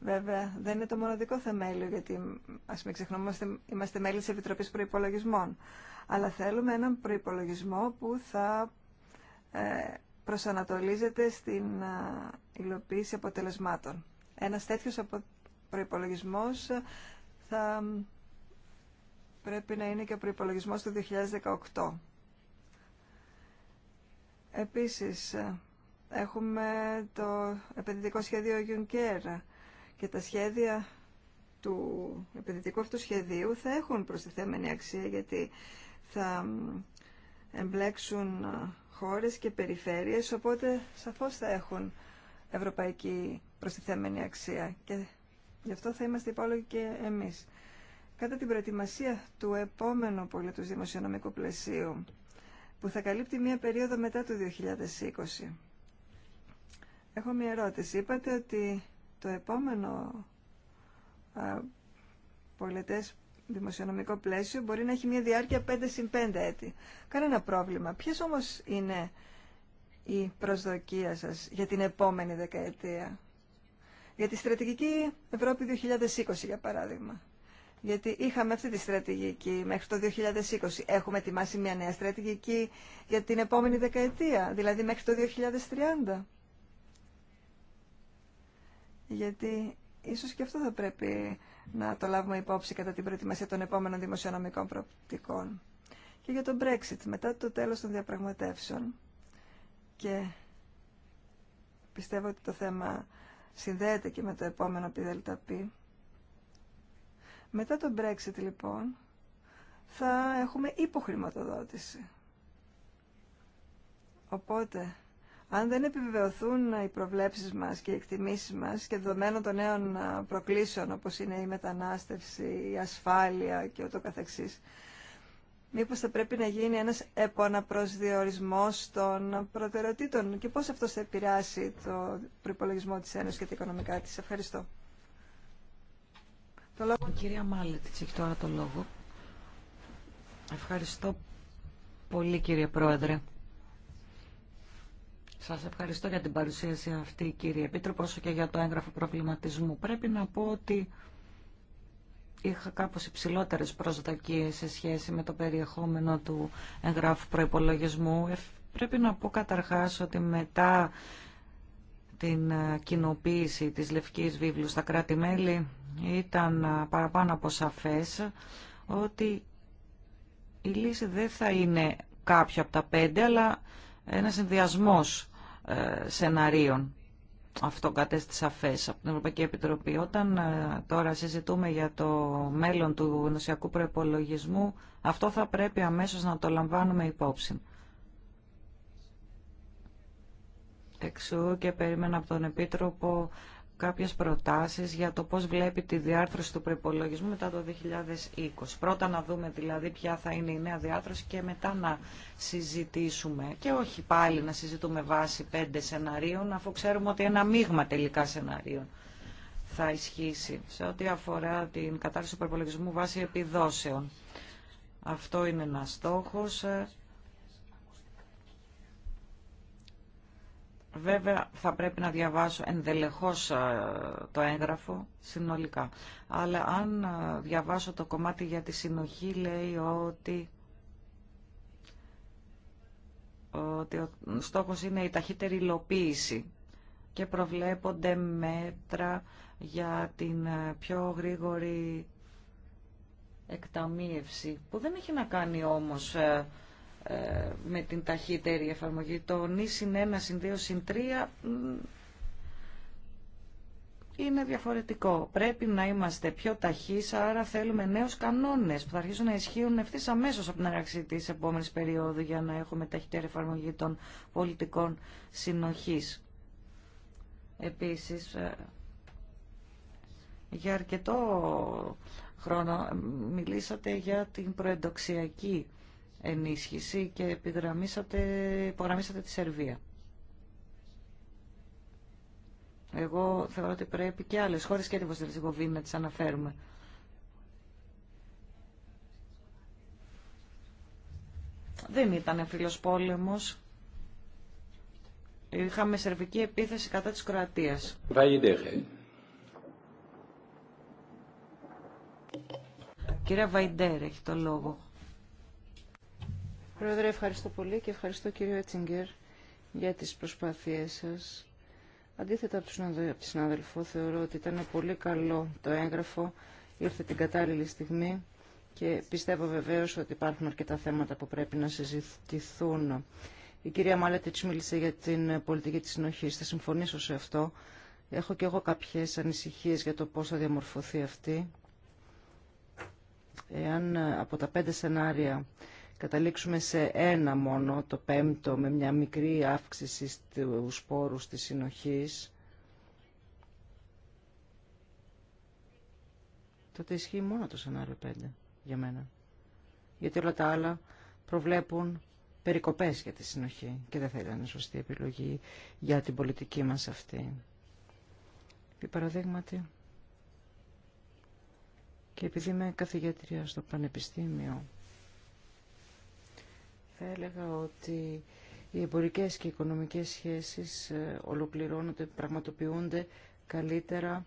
Βέβαια, δεν είναι το μοναδικό θεμέλιο, γιατί ας μην ξεχνούμε, είμαστε μέλη τη Επιτροπής Προϋπολογισμών. Αλλά θέλουμε έναν προϋπολογισμό που θα ε, προσανατολίζεται στην ε, υλοποίηση αποτελεσμάτων. Ένα τέτοιο προπολογισμό ε, θα πρέπει να είναι και ο προπολογισμό του 2018. Επίσης, ε, έχουμε το επενδυτικό σχέδιο Juncker και τα σχέδια του επενδυτικού αυτού σχεδίου θα έχουν προστιθέμενη αξία γιατί θα εμπλέξουν ε, χώρες και περιφέρειες, οπότε σαφώς θα έχουν ευρωπαϊκή προστιθέμενη αξία και γι' αυτό θα είμαστε υπόλογοι και εμείς. Κατά την προετοιμασία του επόμενου πολιτού δημοσιονομικού πλαισίου που θα καλύπτει μία περίοδο μετά το 2020. Έχω μία ερώτηση. Είπατε ότι το επόμενο α, πολιτές δημοσιονομικό πλαίσιο μπορεί να έχει μία διάρκεια 5 συν 5 έτη. Κανένα πρόβλημα. Ποιες όμως είναι η προσδοκία σας για την επόμενη δεκαετία. Για τη στρατηγική Ευρώπη 2020, για παράδειγμα. Γιατί είχαμε αυτή τη στρατηγική μέχρι το 2020. Έχουμε ετοιμάσει μια νέα στρατηγική για την επόμενη δεκαετία, δηλαδή μέχρι το 2030. Γιατί ίσως και αυτό θα πρέπει να το λάβουμε υπόψη κατά την προετοιμασία των επόμενων δημοσιονομικών προοπτικών. Και για το Brexit, μετά το τέλος των διαπραγματεύσεων. Και πιστεύω ότι το θέμα συνδέεται και με το επόμενο ΔΕΛΤΑΠΗ. Μετά το Brexit λοιπόν θα έχουμε υποχρηματοδότηση. Οπότε, αν δεν επιβεβαιωθούν οι προβλέψεις μας και οι εκτιμήσεις μας και δεδομένων των νέων προκλήσεων όπως είναι η μετανάστευση, η ασφάλεια και ούτω καθεξής, μήπως θα πρέπει να γίνει ένας επαναπροσδιορισμός των προτεραιοτήτων και πώς αυτό θα επηρεάσει το προπολογισμό της Ένωσης και τα οικονομικά της. Ευχαριστώ. Η κυρία έχει τώρα το λόγο. Ευχαριστώ πολύ κύριε Πρόεδρε. Σας ευχαριστώ για την παρουσίαση αυτή κύριε Επίτροπο, όσο και για το έγγραφο προβληματισμού. Πρέπει να πω ότι είχα κάπως υψηλότερες προσδοκίες σε σχέση με το περιεχόμενο του εγγράφου προϋπολογισμού. Ε, πρέπει να πω καταρχάς ότι μετά την ε, κοινοποίηση της Λευκής Βίβλου στα κράτη-μέλη ήταν παραπάνω από σαφές ότι η λύση δεν θα είναι κάποια από τα πέντε, αλλά ένα συνδυασμό ε, σεναρίων. Αυτό κατέστη σαφέ από την Ευρωπαϊκή Επιτροπή. Όταν ε, τώρα συζητούμε για το μέλλον του νοσιακού προπολογισμού, αυτό θα πρέπει αμέσως να το λαμβάνουμε υπόψη. Εξού και περίμενα από τον Επίτροπο κάποιες προτάσεις για το πώς βλέπει τη διάρθρωση του προπολογισμού μετά το 2020. Πρώτα να δούμε δηλαδή ποια θα είναι η νέα διάρθρωση και μετά να συζητήσουμε και όχι πάλι να συζητούμε βάση πέντε σεναρίων αφού ξέρουμε ότι ένα μείγμα τελικά σεναρίων θα ισχύσει σε ό,τι αφορά την κατάρτιση του προπολογισμού βάσει επιδόσεων. Αυτό είναι ένα στόχος Βέβαια θα πρέπει να διαβάσω ενδελεχώς ε, το έγγραφο συνολικά. Αλλά αν ε, διαβάσω το κομμάτι για τη συνοχή λέει ότι ότι ο στόχος είναι η ταχύτερη υλοποίηση και προβλέπονται μέτρα για την ε, πιο γρήγορη εκταμίευση που δεν έχει να κάνει όμως ε, με την ταχύτερη εφαρμογή. Το νη συν 1, συν 2, συν 3 είναι διαφορετικό. Πρέπει να είμαστε πιο ταχείς, άρα θέλουμε νέους κανόνες που θα αρχίσουν να ισχύουν ευθύ αμέσως από την έναρξη της επόμενης περίοδου για να έχουμε ταχύτερη εφαρμογή των πολιτικών συνοχής. Επίσης, ε, για αρκετό χρόνο ε, μιλήσατε για την προεντοξιακή ενίσχυση και επιγραμμίσατε, υπογραμμίσατε τη Σερβία. Εγώ θεωρώ ότι πρέπει και άλλες χώρες και τη Βοστελεσικοβίνη να τις αναφέρουμε. Δεν ήταν φίλος πόλεμος. Είχαμε σερβική επίθεση κατά της Κροατίας. Κύριε Βαϊντέρ έχει το λόγο. Πρόεδρε, ευχαριστώ πολύ και ευχαριστώ κύριο Έτσιγκερ για τις προσπάθειές σας. Αντίθετα από τη συνάδελφο, θεωρώ ότι ήταν πολύ καλό το έγγραφο, ήρθε την κατάλληλη στιγμή και πιστεύω βεβαίως ότι υπάρχουν αρκετά θέματα που πρέπει να συζητηθούν. Η κυρία Μάλετιτς μίλησε για την πολιτική της συνοχής, θα συμφωνήσω σε αυτό. Έχω και εγώ κάποιες ανησυχίες για το πώς θα διαμορφωθεί αυτή. Εάν ε, από τα πέντε σενάρια καταλήξουμε σε ένα μόνο, το πέμπτο, με μια μικρή αύξηση στους σπόρους της συνοχής, τότε ισχύει μόνο το σενάριο 5 για μένα. Γιατί όλα τα άλλα προβλέπουν περικοπές για τη συνοχή και δεν θα ήταν σωστή επιλογή για την πολιτική μας αυτή. Επί παραδείγματι, και επειδή είμαι καθηγήτρια στο Πανεπιστήμιο θα έλεγα ότι οι εμπορικές και οι οικονομικές σχέσεις ε, ολοκληρώνονται, πραγματοποιούνται καλύτερα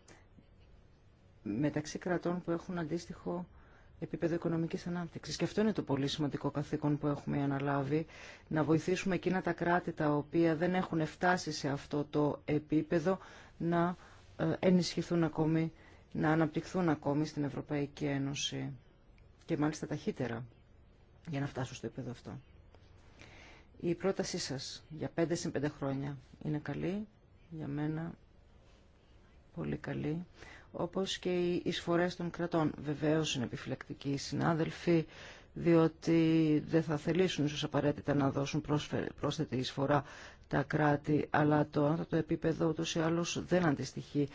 μεταξύ κρατών που έχουν αντίστοιχο επίπεδο οικονομικής ανάπτυξης. Και αυτό είναι το πολύ σημαντικό καθήκον που έχουμε αναλάβει, να βοηθήσουμε εκείνα τα κράτη τα οποία δεν έχουν φτάσει σε αυτό το επίπεδο να ε, ενισχυθούν ακόμη, να αναπτυχθούν ακόμη στην Ευρωπαϊκή Ένωση και μάλιστα ταχύτερα για να φτάσουν στο επίπεδο αυτό. Η πρότασή σας για 5 συν 5 χρόνια είναι καλή, για μένα πολύ καλή, όπως και οι εισφορές των κρατών. Βεβαίως είναι επιφυλακτικοί οι συνάδελφοι, διότι δεν θα θελήσουν ίσως απαραίτητα να δώσουν πρόσθετη εισφορά τα κράτη, αλλά το επίπεδο ούτως ή άλλως δεν αντιστοιχεί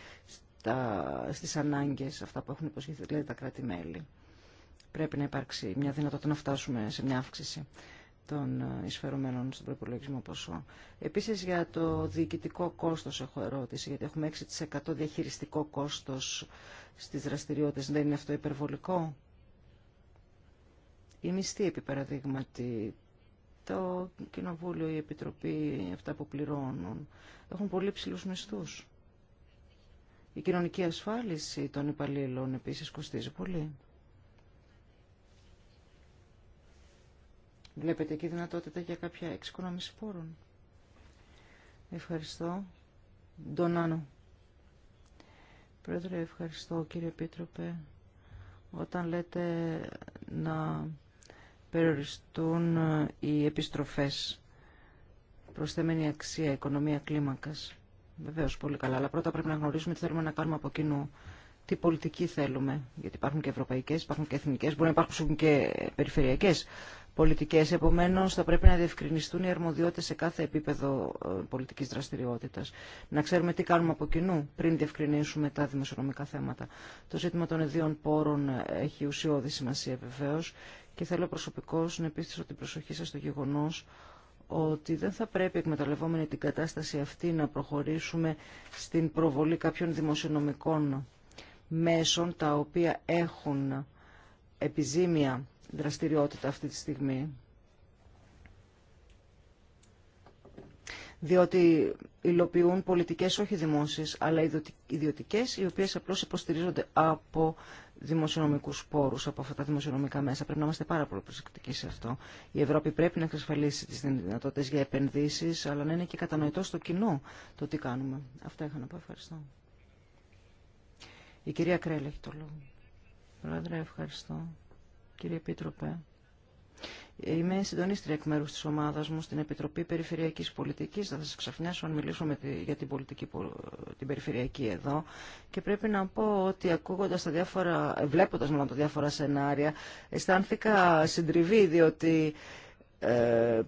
στα, στις ανάγκες αυτά που έχουν υποσχεθεί δηλαδή τα κράτη-μέλη. Πρέπει να υπάρξει μια δυνατότητα να φτάσουμε σε μια αύξηση των ε, εισφερομένων στον προπολογισμό ποσό. Επίσης για το διοικητικό κόστο έχω ερώτηση, γιατί έχουμε 6% διαχειριστικό κόστο στι δραστηριότητε Δεν είναι αυτό υπερβολικό. Η μισθή, επί παραδείγματι, το Κοινοβούλιο, η Επιτροπή, αυτά που πληρώνουν, έχουν πολύ ψηλού μισθού. Η κοινωνική ασφάλιση των υπαλλήλων επίση κοστίζει πολύ. Βλέπετε εκεί δυνατότητα για κάποια εξοικονόμηση πόρων. Ευχαριστώ. Ντονάνο. Πρόεδρε, ευχαριστώ κύριε Επίτροπε. Όταν λέτε να περιοριστούν ε, οι επιστροφές θέμενη αξία, οικονομία κλίμακας. Βεβαίως πολύ καλά, αλλά πρώτα πρέπει να γνωρίσουμε τι θέλουμε να κάνουμε από κοινού τι πολιτική θέλουμε. Γιατί υπάρχουν και ευρωπαϊκές, υπάρχουν και εθνικές, μπορεί να υπάρχουν και περιφερειακές πολιτικές. Επομένως θα πρέπει να διευκρινιστούν οι αρμοδιότητες σε κάθε επίπεδο ε, πολιτικής δραστηριότητας. Να ξέρουμε τι κάνουμε από κοινού πριν διευκρινίσουμε τα δημοσιονομικά θέματα. Το ζήτημα των ιδίων πόρων ε, έχει ουσιώδη σημασία βεβαίω, και θέλω προσωπικώς να επίστησω την προσοχή σας στο γεγονός ότι δεν θα πρέπει εκμεταλλευόμενοι την κατάσταση αυτή να προχωρήσουμε στην προβολή κάποιων δημοσιονομικών μέσων τα οποία έχουν επιζήμια δραστηριότητα αυτή τη στιγμή. διότι υλοποιούν πολιτικές όχι δημόσιες, αλλά ιδιωτικές, οι οποίες απλώς υποστηρίζονται από δημοσιονομικούς πόρους, από αυτά τα δημοσιονομικά μέσα. Πρέπει να είμαστε πάρα πολύ προσεκτικοί σε αυτό. Η Ευρώπη πρέπει να εξασφαλίσει τις δυνατότητες για επενδύσεις, αλλά να είναι και κατανοητό στο κοινό το τι κάνουμε. Αυτά είχα να πω. Ευχαριστώ. Η κυρία Κρέλ έχει το λόγο. Πρόεδρε, ευχαριστώ. Κύριε Επίτροπε. Είμαι συντονίστρια εκ μέρου τη ομάδα μου στην Επιτροπή Περιφερειακή Πολιτική. Θα σα ξαφνιάσω αν μιλήσω τη, για την πολιτική την περιφερειακή εδώ. Και πρέπει να πω ότι ακούγοντα τα διάφορα, βλέποντα μάλλον τα διάφορα σενάρια, αισθάνθηκα συντριβή, διότι ε,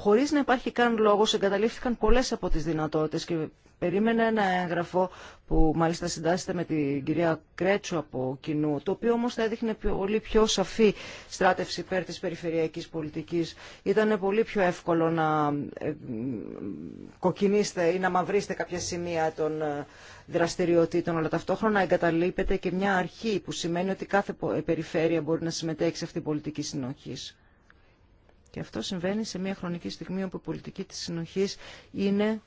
Χωρί να υπάρχει καν λόγο, εγκαταλείφθηκαν πολλέ από τι δυνατότητε και περίμενα ένα έγγραφο που μάλιστα συντάσσεται με την κυρία Κρέτσου από κοινού, το οποίο όμω θα έδειχνε πολύ πιο σαφή στράτευση υπέρ τη περιφερειακή πολιτική. Ήταν πολύ πιο εύκολο να ε, κοκκινήσετε ή να μαυρίσετε κάποια σημεία των ε, δραστηριοτήτων, αλλά ταυτόχρονα εγκαταλείπεται και μια αρχή που σημαίνει ότι κάθε ε, περιφέρεια μπορεί να συμμετέχει σε αυτή την πολιτική συνοχή. Και αυτό συμβαίνει σε μια χρονική στιγμή όπου η πολιτική της συνοχής είναι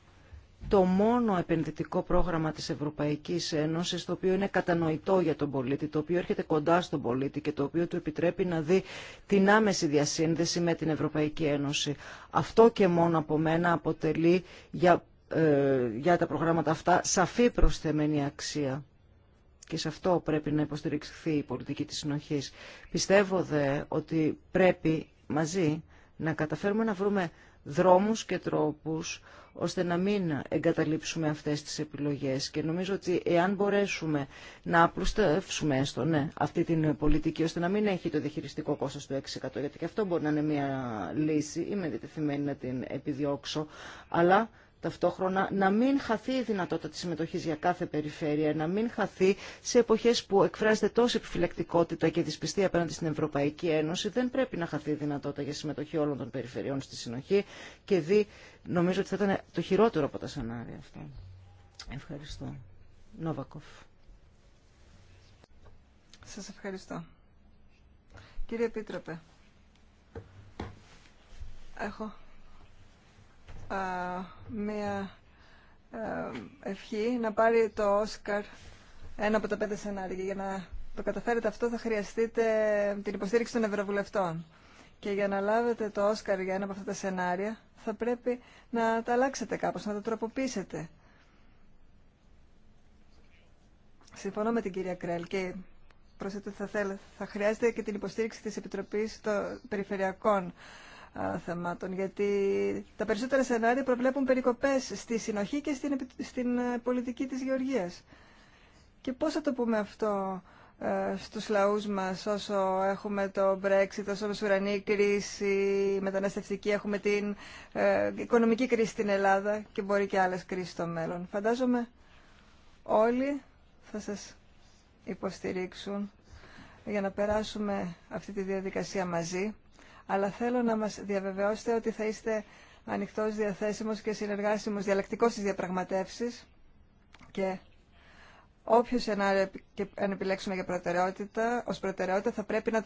το μόνο επενδυτικό πρόγραμμα της Ευρωπαϊκής Ένωσης το οποίο είναι κατανοητό για τον πολίτη, το οποίο έρχεται κοντά στον πολίτη και το οποίο του επιτρέπει να δει την άμεση διασύνδεση με την Ευρωπαϊκή Ένωση. Αυτό και μόνο από μένα αποτελεί για, ε, για τα προγράμματα αυτά σαφή προσθεμένη αξία. Και σε αυτό πρέπει να υποστηριχθεί η πολιτική της συνοχής. Πιστεύω δε ότι πρέπει μαζί να καταφέρουμε να βρούμε δρόμους και τρόπους ώστε να μην εγκαταλείψουμε αυτές τις επιλογές και νομίζω ότι εάν μπορέσουμε να απλουστεύσουμε έστω ναι, αυτή την πολιτική ώστε να μην έχει το διαχειριστικό κόστος του 6% γιατί και αυτό μπορεί να είναι μια λύση είμαι διτεθειμένη να την επιδιώξω αλλά ταυτόχρονα να μην χαθεί η δυνατότητα της συμμετοχής για κάθε περιφέρεια, να μην χαθεί σε εποχές που εκφράζεται τόση επιφυλακτικότητα και δυσπιστία απέναντι στην Ευρωπαϊκή Ένωση, δεν πρέπει να χαθεί η δυνατότητα για συμμετοχή όλων των περιφερειών στη συνοχή και δεί νομίζω ότι θα ήταν το χειρότερο από τα σενάρια αυτά. Ευχαριστώ. Νόβακοφ. Σας ευχαριστώ. Κύριε Επίτροπε, έχω μία ε, ευχή να πάρει το Όσκαρ ένα από τα πέντε σενάρια για να το καταφέρετε αυτό θα χρειαστείτε ε, την υποστήριξη των Ευρωβουλευτών. Και για να λάβετε το Όσκαρ για ένα από αυτά τα σενάρια θα πρέπει να τα αλλάξετε κάπως, να τα τροποποιήσετε. Συμφωνώ με την κυρία Κρέλ και προσθέτω θα, θέλετε, θα χρειάζεται και την υποστήριξη της Επιτροπής των Περιφερειακών θεμάτων, γιατί τα περισσότερα σενάρια προβλέπουν περικοπές στη συνοχή και στην, ε, πολιτική της γεωργίας. Και πώς θα το πούμε αυτό ε, στους λαούς μας όσο έχουμε το Brexit, όσο με σουρανή κρίση, μεταναστευτική, έχουμε την ε, οικονομική κρίση στην Ελλάδα και μπορεί και άλλες κρίσεις στο μέλλον. Φαντάζομαι όλοι θα σας υποστηρίξουν για να περάσουμε αυτή τη διαδικασία μαζί αλλά θέλω να μας διαβεβαιώσετε ότι θα είστε ανοιχτός, διαθέσιμος και συνεργάσιμος, διαλεκτικός στις διαπραγματεύσεις και όποιο σενάριο αν επιλέξουμε για προτεραιότητα, ως προτεραιότητα θα πρέπει να,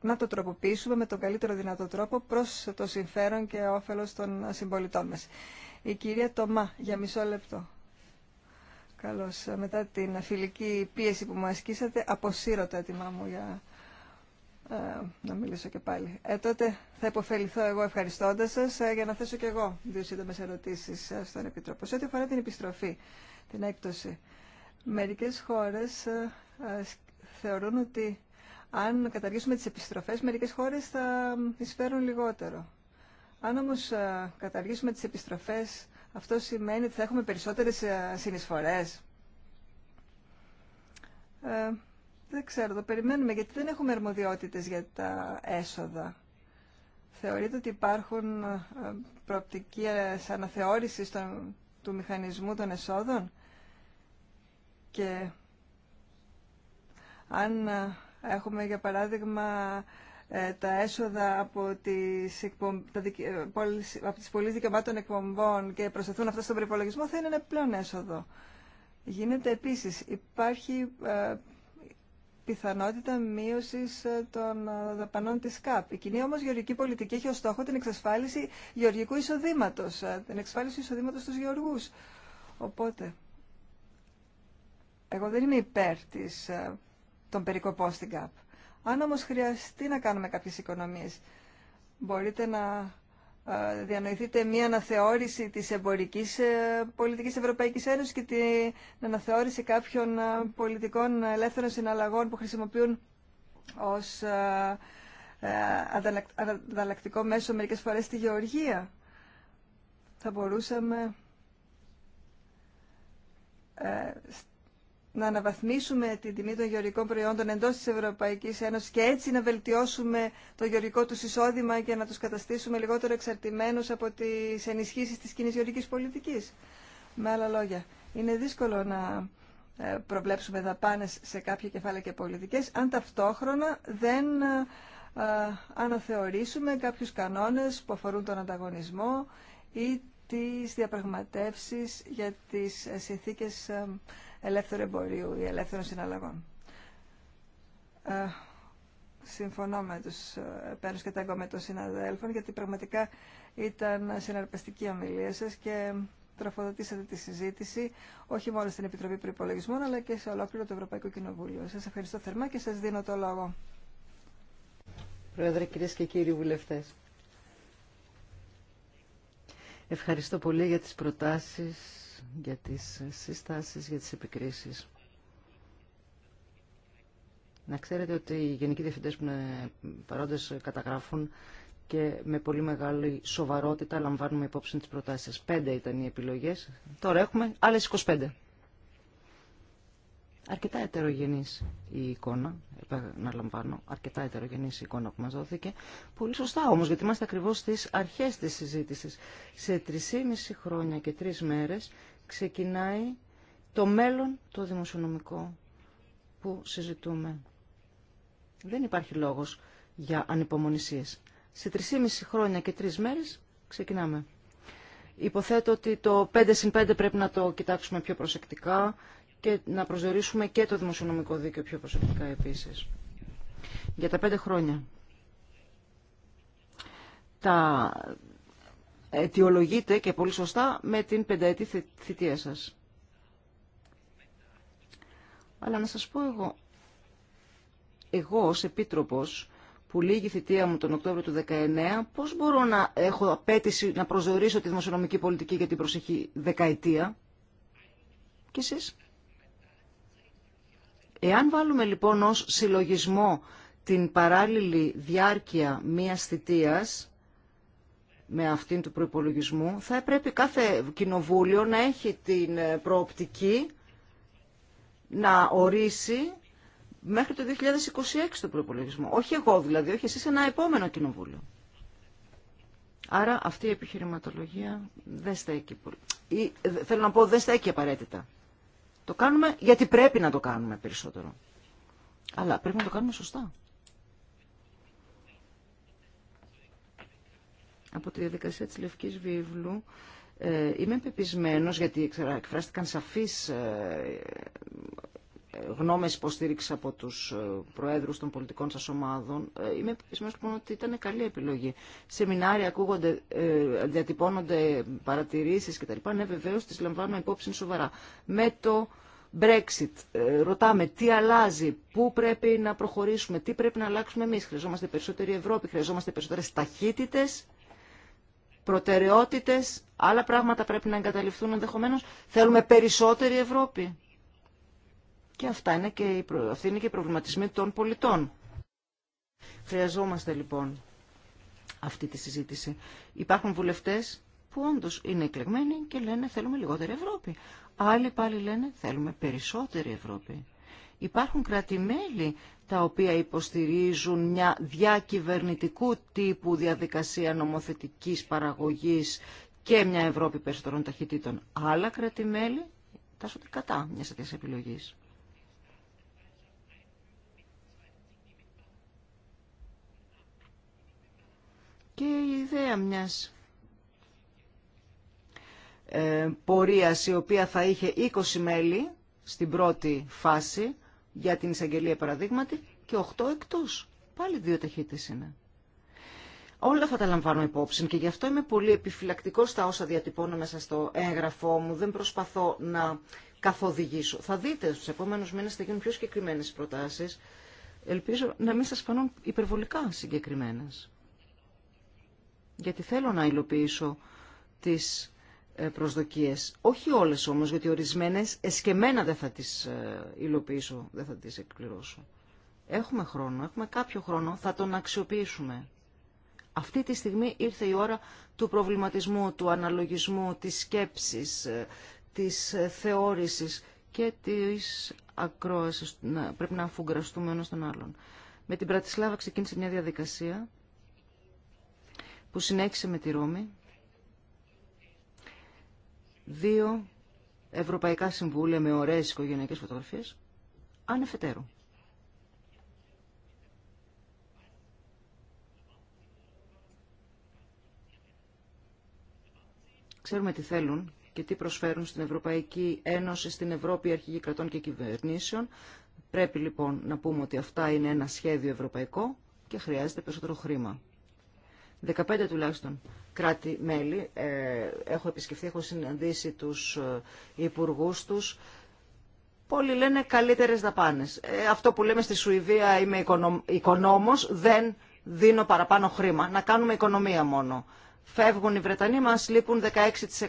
να το τροποποιήσουμε με τον καλύτερο δυνατό τρόπο προς το συμφέρον και όφελος των συμπολιτών μας. Η κυρία Τομά, για μισό λεπτό. Καλώς. Μετά την φιλική πίεση που μου ασκήσατε, αποσύρω το έτοιμά μου για ε, να μιλήσω και πάλι. Ε, τότε θα υποφεληθώ εγώ ευχαριστώντας σας ε, για να θέσω και εγώ δύο σύντομες ερωτήσεις ε, στον Επιτρόπο. Σε ό,τι αφορά την επιστροφή, την έκπτωση, μερικές χώρες θεωρούν ότι αν καταργήσουμε τι επιστροφές, μερικές χώρε θα εισφέρουν λιγότερο. Αν όμως καταργήσουμε τι επιστροφές, αυτό σημαίνει ότι θα έχουμε περισσότερες συνεισφορέ. Ε, δεν ξέρω, το περιμένουμε γιατί δεν έχουμε αρμοδιότητες για τα έσοδα. Θεωρείτε ότι υπάρχουν ε, προοπτικές ε, αναθεώρησης των, του μηχανισμού των εσόδων και αν ε, έχουμε για παράδειγμα τα έσοδα από τις, εκπομ... τις δικαιωμάτων εκπομπών και προσθεθούν αυτά στον προπολογισμό θα είναι ένα πλέον έσοδο. Γίνεται επίσης, υπάρχει πιθανότητα μείωση ε, των ε, δαπανών τη ΚΑΠ. Η κοινή όμω γεωργική πολιτική έχει ω στόχο την εξασφάλιση γεωργικού εισοδήματο. Ε, την εξασφάλιση εισοδήματο στους γεωργούς. Οπότε, εγώ δεν είμαι υπέρ της, των περικοπών στην ΚΑΠ. Αν όμως χρειαστεί να κάνουμε κάποιες οικονομίες, μπορείτε να διανοηθείτε μία αναθεώρηση της εμπορικής ε, πολιτικής Ευρωπαϊκής Ένωσης και την αναθεώρηση κάποιων ε, πολιτικών ελεύθερων συναλλαγών που χρησιμοποιούν ως ε, ανταλλακτικό μέσο μερικές φορές τη γεωργία. Θα μπορούσαμε να αναβαθμίσουμε την τιμή των γεωργικών προϊόντων εντός της Ευρωπαϊκής Ένωσης και έτσι να βελτιώσουμε το γεωργικό τους εισόδημα και να τους καταστήσουμε λιγότερο εξαρτημένους από τις ενισχύσεις της κοινή γεωργικής πολιτικής. Με άλλα λόγια, είναι δύσκολο να ε, προβλέψουμε δαπάνες σε κάποια κεφάλαια και πολιτικές αν ταυτόχρονα δεν ε, αναθεωρήσουμε κάποιους κανόνες που αφορούν τον ανταγωνισμό ή τις διαπραγματεύσεις για τις συνθήκες ε, ελεύθερου εμπορίου ή ελεύθερων συναλλαγών. Ε, συμφωνώ με τους ε, πέρους και τα με των συναδέλφων γιατί πραγματικά ήταν συναρπαστική ομιλία σας και τροφοδοτήσατε τη συζήτηση όχι μόνο στην Επιτροπή Προϋπολογισμών αλλά και σε ολόκληρο το Ευρωπαϊκό Κοινοβούλιο. Σας ευχαριστώ θερμά και σας δίνω το λόγο. Πρόεδρε, κυρίες και κύριοι βουλευτές. Ευχαριστώ πολύ για τις προτάσεις για τις συστάσεις, για τις επικρίσεις. Να ξέρετε ότι οι γενικοί διευθυντές που είναι παρόντες καταγράφουν και με πολύ μεγάλη σοβαρότητα λαμβάνουμε υπόψη τις προτάσεις. Πέντε ήταν οι επιλογές, τώρα έχουμε άλλες 25. Αρκετά ετερογενής η εικόνα, επαναλαμβάνω, αρκετά ετερογενής η εικόνα που μας δόθηκε. Πολύ σωστά όμως, γιατί είμαστε ακριβώς στις αρχές της συζήτησης. Σε 3,5 χρόνια και 3 μέρες ξεκινάει το μέλλον το δημοσιονομικό που συζητούμε. Δεν υπάρχει λόγος για ανυπομονησίες. Σε 3,5 χρόνια και 3 μέρες ξεκινάμε. Υποθέτω ότι το 5 συν 5 πρέπει να το κοιτάξουμε πιο προσεκτικά και να προσδιορίσουμε και το δημοσιονομικό δίκαιο πιο προσεκτικά επίσης. Για τα 5 χρόνια. Τα αιτιολογείτε και πολύ σωστά με την πενταετή θητεία σας. Αλλά να σας πω εγώ, εγώ ως Επίτροπος που λύγει η θητεία μου τον Οκτώβριο του 19, πώς μπορώ να έχω απέτηση να προσδιορίσω τη δημοσιονομική πολιτική για την προσεχή δεκαετία. Και εσείς. Εάν βάλουμε λοιπόν ως συλλογισμό την παράλληλη διάρκεια μιας θητείας, με αυτήν του προϋπολογισμού, θα πρέπει κάθε κοινοβούλιο να έχει την ε, προοπτική να ορίσει μέχρι το 2026 το προϋπολογισμό. Όχι εγώ δηλαδή, όχι εσείς, ένα επόμενο κοινοβούλιο. Άρα αυτή η επιχειρηματολογία δεν στέκει πολύ. Ε, θέλω να πω, δεν στέκει απαραίτητα. Το κάνουμε γιατί πρέπει να το κάνουμε περισσότερο. Αλλά πρέπει να το κάνουμε σωστά. από τη διαδικασία της Λευκής Βίβλου ε, είμαι πεπισμένος, γιατί εκφράστηκαν σαφείς ε, ε, γνώμες υποστήριξη από τους προέδρους των πολιτικών σας ομάδων, είμαι πεπισμένος λοιπόν ότι ήταν καλή επιλογή. Σεμινάρια ακούγονται, διατυπώνονται παρατηρήσεις κτλ. Ναι, βεβαίως τις λαμβάνουμε υπόψη σοβαρά. Με το Brexit, ρωτάμε τι αλλάζει, πού πρέπει να προχωρήσουμε, τι πρέπει να αλλάξουμε εμείς. Χρειαζόμαστε περισσότερη Ευρώπη, χρειαζόμαστε περισσότερες ταχύτητες προτεραιότητες, άλλα πράγματα πρέπει να εγκαταλειφθούν ενδεχομένως. Θέλουμε περισσότερη Ευρώπη. Και αυτά είναι και οι, προ... είναι και οι προβληματισμοί των πολιτών. Χρειαζόμαστε λοιπόν αυτή τη συζήτηση. Υπάρχουν βουλευτές που όντως είναι εκλεγμένοι και λένε θέλουμε λιγότερη Ευρώπη. Άλλοι πάλι λένε θέλουμε περισσότερη Ευρώπη. κρατημέλη τα οποία υποστηρίζουν μια διακυβερνητικού τύπου διαδικασία νομοθετικής παραγωγής και μια Ευρώπη περισσότερων ταχυτήτων. Άλλα κρατημέλη τάσσονται κατά μια τέτοια επιλογή. Και η ιδέα μιας ε, πορείας η οποία θα είχε 20 μέλη στην πρώτη φάση για την εισαγγελία παραδείγματι και 8 εκτός. Πάλι δύο ταχύτητες είναι. Όλα αυτά τα λαμβάνω υπόψη και γι' αυτό είμαι πολύ επιφυλακτικό στα όσα διατυπώνω μέσα στο έγγραφό μου. Δεν προσπαθώ να καθοδηγήσω. Θα δείτε στους επόμενους μήνες θα γίνουν πιο συγκεκριμένε προτάσεις. Ελπίζω να μην σας φανούν υπερβολικά συγκεκριμένες. Γιατί θέλω να υλοποιήσω τις ε, προσδοκίες. Όχι όλες όμως, γιατί ορισμένες εσκεμένα δεν θα τις ε, υλοποιήσω, δεν θα τις εκπληρώσω. Έχουμε χρόνο, έχουμε κάποιο χρόνο, θα τον αξιοποιήσουμε. Αυτή τη στιγμή ήρθε η ώρα του προβληματισμού, του αναλογισμού, της σκέψης, ε, της θεώρησης και της ακρόασης. πρέπει να αφουγκραστούμε ένας τον άλλον. Με την Πρατισλάβα ξεκίνησε μια διαδικασία που συνέχισε με τη Ρώμη δύο ευρωπαϊκά συμβούλια με ωραίες οικογενειακές φωτογραφίες ανεφετέρου. Ξέρουμε τι θέλουν και τι προσφέρουν στην Ευρωπαϊκή Ένωση, στην Ευρώπη, Αρχηγή κρατών και κυβερνήσεων. Πρέπει λοιπόν να πούμε ότι αυτά είναι ένα σχέδιο ευρωπαϊκό και χρειάζεται περισσότερο χρήμα. 15 τουλάχιστον κράτη-μέλη. Ε, έχω επισκεφθεί, έχω συναντήσει τους ε, υπουργούς τους. Πολλοί λένε καλύτερες δαπάνες. Ε, αυτό που λέμε στη Σουηδία είμαι οικονόμος, δεν δίνω παραπάνω χρήμα. Να κάνουμε οικονομία μόνο. Φεύγουν οι Βρετανοί, μας λείπουν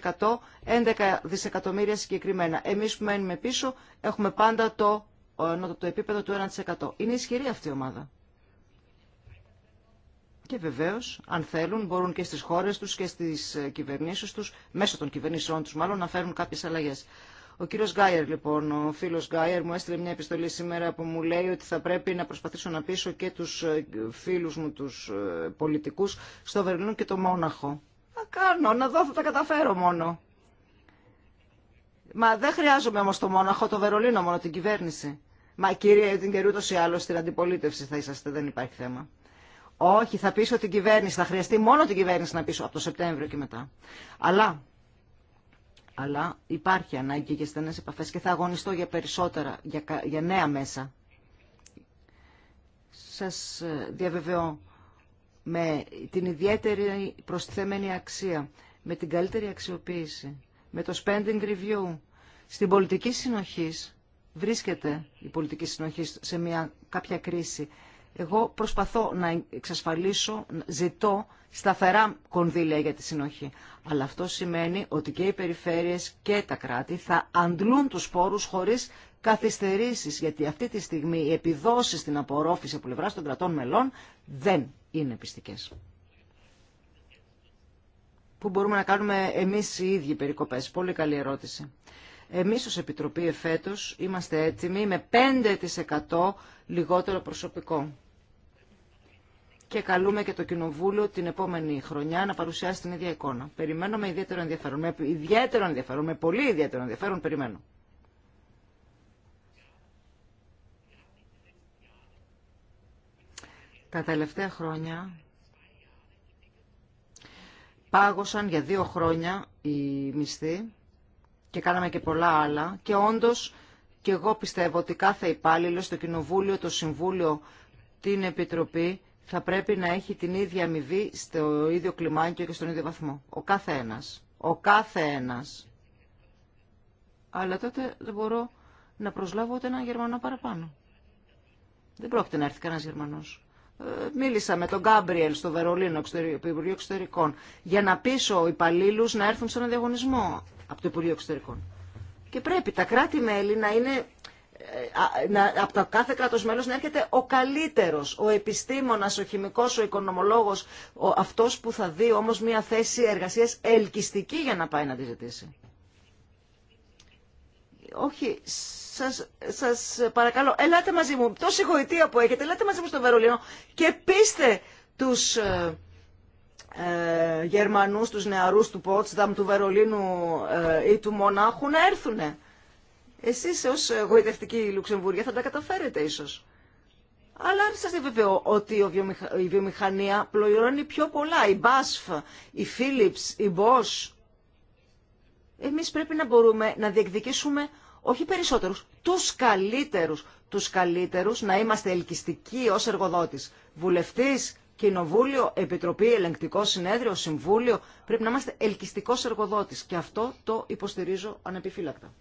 16%, 11 δισεκατομμύρια συγκεκριμένα. Εμείς που μένουμε πίσω έχουμε πάντα το, το επίπεδο του 1%. Είναι ισχυρή αυτή η ομάδα. Και βεβαίω, αν θέλουν, μπορούν και στι χώρε του και στι ε, κυβερνήσει του, μέσω των κυβερνήσεών του μάλλον, να φέρουν κάποιε αλλαγέ. Ο κύριο Γκάιερ, λοιπόν, ο φίλο Γκάιερ, μου έστειλε μια επιστολή σήμερα που μου λέει ότι θα πρέπει να προσπαθήσω να πείσω και του ε, φίλου μου, του ε, πολιτικού, στο Βερολίνο και το Μόναχο. Θα κάνω, να δω, θα τα καταφέρω μόνο. Μα δεν χρειάζομαι όμω το Μόναχο, το Βερολίνο μόνο, την κυβέρνηση. Μα κύριε την ούτω ή άλλω στην αντιπολίτευση θα είσαστε, δεν υπάρχει θέμα. Όχι, θα πείσω την κυβέρνηση, θα χρειαστεί μόνο την κυβέρνηση να πείσω από το Σεπτέμβριο και μετά. Αλλά, αλλά υπάρχει ανάγκη για στενέ επαφέ και θα αγωνιστώ για περισσότερα, για, για νέα μέσα. Σας ε, διαβεβαιώ με την ιδιαίτερη προσθεμένη αξία, με την καλύτερη αξιοποίηση, με το spending review, στην πολιτική συνοχής, βρίσκεται η πολιτική συνοχή σε μια κάποια κρίση. Εγώ προσπαθώ να εξασφαλίσω, ζητώ σταθερά κονδύλια για τη συνοχή. Αλλά αυτό σημαίνει ότι και οι περιφέρειες και τα κράτη θα αντλούν τους πόρους χωρίς καθυστερήσεις, γιατί αυτή τη στιγμή οι επιδόσεις στην απορρόφηση από πλευράς των κρατών μελών δεν είναι πιστικές. Πού μπορούμε να κάνουμε εμείς οι ίδιοι περικοπές. Πολύ καλή ερώτηση. Εμείς ως Επιτροπή εφέτος είμαστε έτοιμοι με 5% λιγότερο προσωπικό και καλούμε και το Κοινοβούλιο την επόμενη χρονιά να παρουσιάσει την ίδια εικόνα. Περιμένω με ιδιαίτερο ενδιαφέρον, με ιδιαίτερο ενδιαφέρον, με πολύ ιδιαίτερο ενδιαφέρον περιμένω. Τα τελευταία χρόνια πάγωσαν για δύο χρόνια οι μισθοί και κάναμε και πολλά άλλα και όντως και εγώ πιστεύω ότι κάθε υπάλληλο στο Κοινοβούλιο, το Συμβούλιο, την Επιτροπή θα πρέπει να έχει την ίδια αμοιβή στο ίδιο κλιμάκιο και στον ίδιο βαθμό. Ο κάθε ένας. Ο κάθε ένας. Αλλά τότε δεν μπορώ να προσλάβω ούτε έναν Γερμανό παραπάνω. Δεν πρόκειται να έρθει κανένας Γερμανός. Ε, μίλησα με τον Γκάμπριελ στο Βερολίνο, το Υπουργείο Εξωτερικών, για να πείσω υπαλλήλου να έρθουν σε έναν διαγωνισμό από το Υπουργείο Εξωτερικών. Και πρέπει τα κράτη-μέλη να είναι ε, από το κάθε κράτος μέλος να έρχεται ο καλύτερος, ο επιστήμονας, ο χημικός, ο οικονομολόγος, ο, αυτός που θα δει όμως μια θέση εργασίας ελκυστική για να πάει να τη ζητήσει. Όχι, σας, σας παρακαλώ, ελάτε μαζί μου, τόση γοητεία που έχετε, ελάτε μαζί μου στο Βερολίνο και πείστε τους... Ε, ε Γερμανούς, τους νεαρούς του Πότσδαμ, του Βερολίνου ε, ή του Μονάχου να έρθουνε. Εσείς ω γοητευτική Λουξεμβούργια θα τα καταφέρετε ίσως. Αλλά σα διαβεβαιώ ότι η βιομηχανία πληρώνει πιο πολλά. Η BASF, η Philips, η Bosch. Εμείς πρέπει να μπορούμε να διεκδικήσουμε όχι περισσότερους, τους καλύτερους. Τους καλύτερους να είμαστε ελκυστικοί ω εργοδότη. Βουλευτής, Κοινοβούλιο, Επιτροπή, Ελεγκτικό Συνέδριο, Συμβούλιο. Πρέπει να είμαστε ελκυστικό εργοδότη. Και αυτό το υποστηρίζω ανεπιφύλακτα.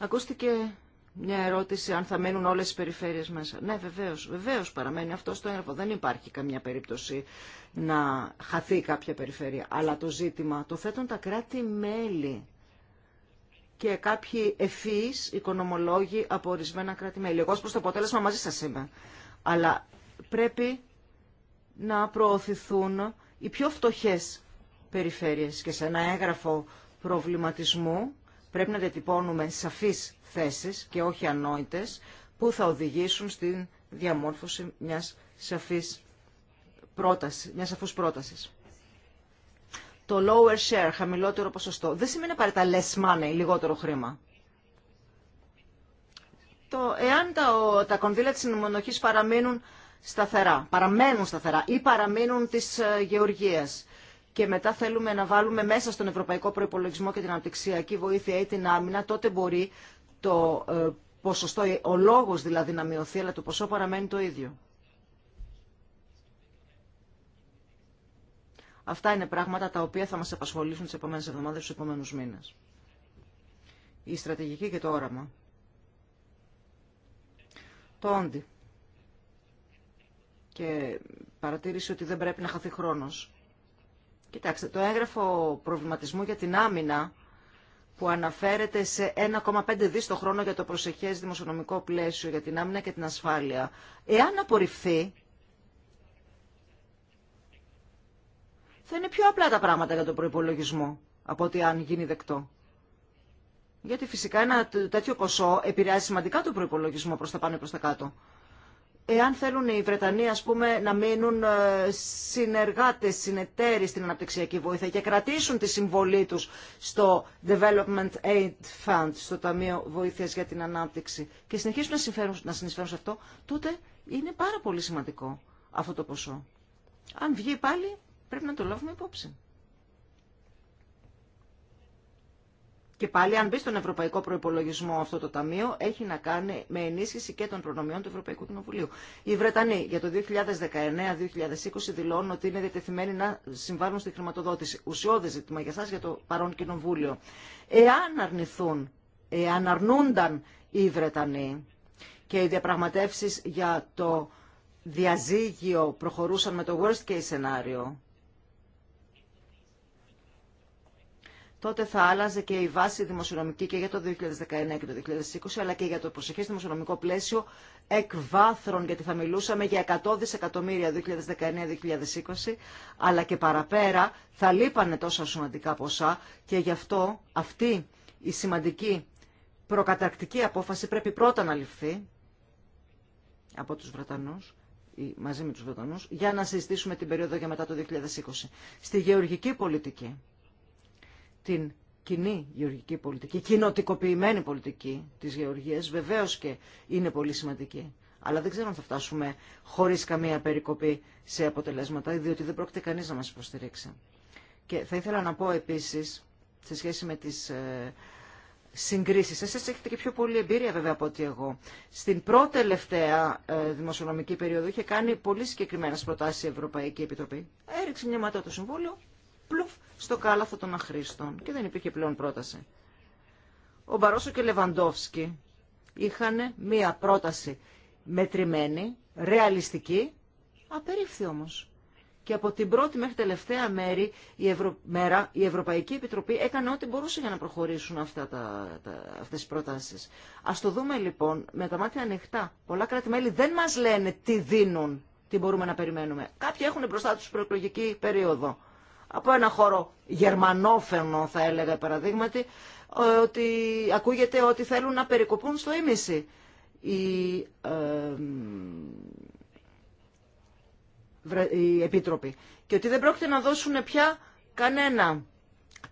Ακούστηκε μια ερώτηση αν θα μένουν όλες οι περιφέρειες μέσα. Ναι, βεβαίως, βεβαίως παραμένει αυτό στο έγγραφο. Δεν υπάρχει καμία περίπτωση να χαθεί κάποια περιφέρεια. Αλλά το ζήτημα το θέτουν τα κράτη-μέλη και καποιοι ευφυει ευφύς οικονομολόγοι από ορισμένα κράτη-μέλη. Εγώ προ το αποτέλεσμα μαζί σα είμαι. Αλλά πρέπει να προωθηθούν οι πιο φτωχέ περιφέρειες και σε ένα έγγραφο προβληματισμού Πρέπει να διατυπώνουμε σαφείς θέσεις και όχι ανόητες που θα οδηγήσουν στην διαμόρφωση μιας σαφής πρότασης, μιας σαφούς πρότασης. Το lower share, χαμηλότερο ποσοστό, δεν σημαίνει τα less money, λιγότερο χρήμα. Το, εάν τα, ο, τα κονδύλια της συνομονοχής παραμένουν σταθερά, παραμένουν σταθερά ή παραμένουν της ε, και μετά θέλουμε να βάλουμε μέσα στον ευρωπαϊκό προπολογισμό και την αναπτυξιακή βοήθεια ή την άμυνα, τότε μπορεί το ε, ποσοστό, ο λόγος δηλαδή να μειωθεί, αλλά το ποσό παραμένει το ίδιο. Αυτά είναι πράγματα τα οποία θα μας απασχολήσουν τις επόμενες εβδομάδες, του επόμενους μήνες. Η στρατηγική και το όραμα. Το όντι. Και παρατήρησε ότι δεν πρέπει να χαθεί χρόνος. Κοιτάξτε, το έγγραφο προβληματισμού για την άμυνα που αναφέρεται σε 1,5 δις το χρόνο για το προσεχές δημοσιονομικό πλαίσιο για την άμυνα και την ασφάλεια. Εάν απορριφθεί, θα είναι πιο απλά τα πράγματα για τον προϋπολογισμό από ότι αν γίνει δεκτό. Γιατί φυσικά ένα τέτοιο ποσό επηρεάζει σημαντικά τον προϋπολογισμό προς τα πάνω ή προς τα κάτω εάν θέλουν οι Βρετανοί ας πούμε, να μείνουν ε, συνεργάτες, συνεταίροι στην αναπτυξιακή βοήθεια και κρατήσουν τη συμβολή τους στο Development Aid Fund, στο Ταμείο Βοήθειας για την Ανάπτυξη και συνεχίσουν να συνεισφέρουν, να συνεισφέρουν σε αυτό, τότε είναι πάρα πολύ σημαντικό αυτό το ποσό. Αν βγει πάλι πρέπει να το λάβουμε υπόψη. Και πάλι, αν μπει στον Ευρωπαϊκό Προπολογισμό αυτό το ταμείο, έχει να κάνει με ενίσχυση και των προνομιών του Ευρωπαϊκού Κοινοβουλίου. Οι Βρετανοί για το 2019-2020 δηλώνουν ότι είναι διατεθειμένοι να συμβάλλουν στη χρηματοδότηση. Ουσιώδη ζήτημα για εσά για το παρόν Κοινοβούλιο. Εάν αρνηθούν, εάν αρνούνταν οι Βρετανοί και οι διαπραγματεύσει για το διαζύγιο προχωρούσαν με το worst case σενάριο, τότε θα άλλαζε και η βάση δημοσιονομική και για το 2019 και το 2020, αλλά και για το προσεχές δημοσιονομικό πλαίσιο εκ βάθρων, γιατί θα μιλούσαμε για 100 δισεκατομμύρια 2019-2020, αλλά και παραπέρα θα λείπανε τόσα σημαντικά ποσά και γι' αυτό αυτή η σημαντική προκαταρκτική απόφαση πρέπει πρώτα να ληφθεί από τους Βρετανούς ή μαζί με τους Βρετανούς, για να συζητήσουμε την περίοδο για μετά το 2020. Στη γεωργική πολιτική, την κοινή γεωργική πολιτική, κοινοτικοποιημένη πολιτική της γεωργίας, βεβαίως και είναι πολύ σημαντική. Αλλά δεν ξέρω αν θα φτάσουμε χωρίς καμία περικοπή σε αποτελέσματα, διότι δεν πρόκειται κανείς να μας υποστηρίξει. Και θα ήθελα να πω επίσης, σε σχέση με τις ε, συγκρίσεις. Εσείς έχετε και πιο πολύ εμπειρία βέβαια από ό,τι εγώ. Στην πρώτη τελευταία ε, δημοσιονομική περίοδο είχε κάνει πολύ συγκεκριμένε προτάσεις η Ευρωπαϊκή Επιτροπή. Έριξε μια ματιά το Συμβούλιο, πλουφ, στο κάλαθο των αχρήστων και δεν υπήρχε πλέον πρόταση. Ο Μπαρόσο και Λεβαντόφσκι είχαν μία πρόταση μετρημένη, ρεαλιστική, απερίφθη όμως. Και από την πρώτη μέχρι τελευταία μέρη, η μέρα η Ευρωπαϊκή Επιτροπή έκανε ό,τι μπορούσε για να προχωρήσουν αυτά τα... Τα... αυτές τις προτάσεις. Ας το δούμε λοιπόν με τα μάτια ανοιχτά. Πολλά κράτη-μέλη δεν μας λένε τι δίνουν, τι μπορούμε να περιμένουμε. Κάποιοι έχουν μπροστά τους προεκλογική περίοδο από ένα χώρο γερμανόφαινο θα έλεγα παραδείγματι, ότι ακούγεται ότι θέλουν να περικοπούν στο ίμιση οι, ε, και ότι δεν πρόκειται να δώσουν πια κανένα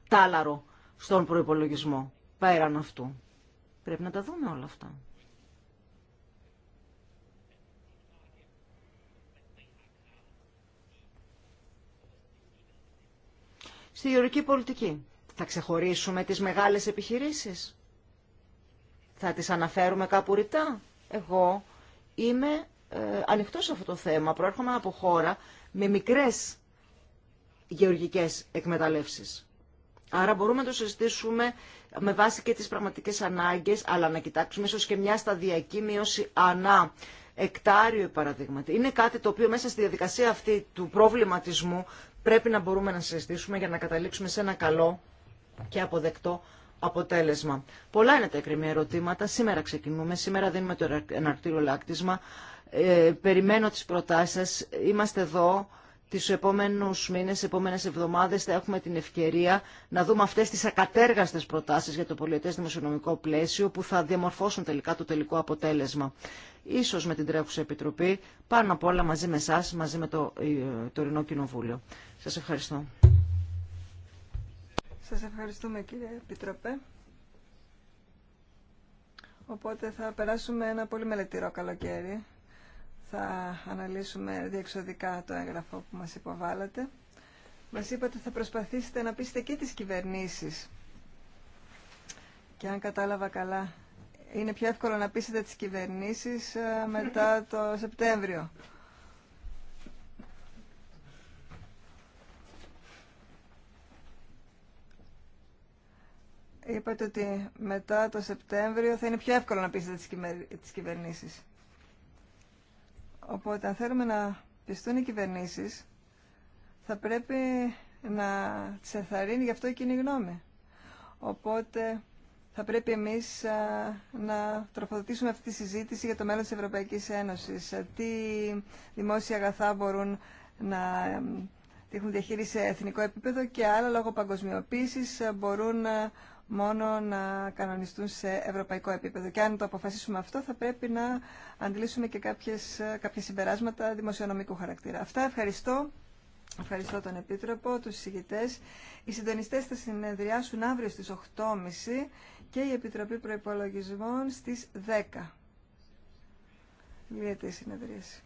τάλαρο στον προϋπολογισμό πέραν αυτού. Πρέπει να τα δούμε όλα αυτά. στη γεωργική πολιτική. Θα ξεχωρίσουμε τις μεγάλες επιχειρήσεις. Θα τις αναφέρουμε κάπου ρητά. Εγώ είμαι ε, σε αυτό το θέμα. Προέρχομαι από χώρα με μικρές γεωργικές εκμεταλλεύσεις. Άρα μπορούμε να το συζητήσουμε με βάση και τις πραγματικές ανάγκες, αλλά να κοιτάξουμε ίσως και μια σταδιακή μείωση ανά εκτάριο, παραδείγματι. Είναι κάτι το οποίο μέσα στη διαδικασία αυτή του προβληματισμού πρέπει να μπορούμε να συζητήσουμε για να καταλήξουμε σε ένα καλό και αποδεκτό αποτέλεσμα. Πολλά είναι τα εκκρεμή ερωτήματα. Σήμερα ξεκινούμε, σήμερα δίνουμε το εναρκτήριο λάκτισμα. Ε, περιμένω τις προτάσεις σας. Είμαστε εδώ τις επόμενους μήνες, επόμενες εβδομάδες θα έχουμε την ευκαιρία να δούμε αυτές τις ακατέργαστες προτάσεις για το πολιετές δημοσιονομικό πλαίσιο που θα διαμορφώσουν τελικά το τελικό αποτέλεσμα. Ίσως με την τρέχουσα επιτροπή, πάνω απ' όλα μαζί με εσά, μαζί με το ε, τωρινό κοινοβούλιο. Σας ευχαριστώ. Σας ευχαριστούμε κύριε Επιτροπέ. Οπότε θα περάσουμε ένα πολύ μελετηρό καλοκαίρι θα αναλύσουμε διεξοδικά το έγγραφο που μας υποβάλλατε. Μας είπατε θα προσπαθήσετε να πείσετε και τις κυβερνήσεις. Και αν κατάλαβα καλά, είναι πιο εύκολο να πείσετε τις κυβερνήσεις ε, μετά <laughs> το Σεπτέμβριο. Είπατε ότι μετά το Σεπτέμβριο θα είναι πιο εύκολο να πείσετε τις κυβερνήσεις. Οπότε αν θέλουμε να πιστούν οι κυβερνήσεις, θα πρέπει να τις ενθαρρύνει γι' αυτό η κοινή γνώμη. Οπότε θα πρέπει εμείς να τροφοδοτήσουμε αυτή τη συζήτηση για το μέλλον της Ευρωπαϊκής Ένωσης. Τι δημόσια αγαθά μπορούν να έχουν διαχείριση σε εθνικό επίπεδο και άλλα λόγω παγκοσμιοποίησης μπορούν να μόνο να κανονιστούν σε ευρωπαϊκό επίπεδο. Και αν το αποφασίσουμε αυτό θα πρέπει να αντιλήσουμε και κάποιες, κάποια συμπεράσματα δημοσιονομικού χαρακτήρα. Αυτά ευχαριστώ. Ευχαριστώ τον Επίτροπο, τους συζητητές. Οι συντονιστές θα συνεδριάσουν αύριο στις 8.30 και η Επιτροπή Προϋπολογισμών στις 10. Λύεται η συνεδρίαση.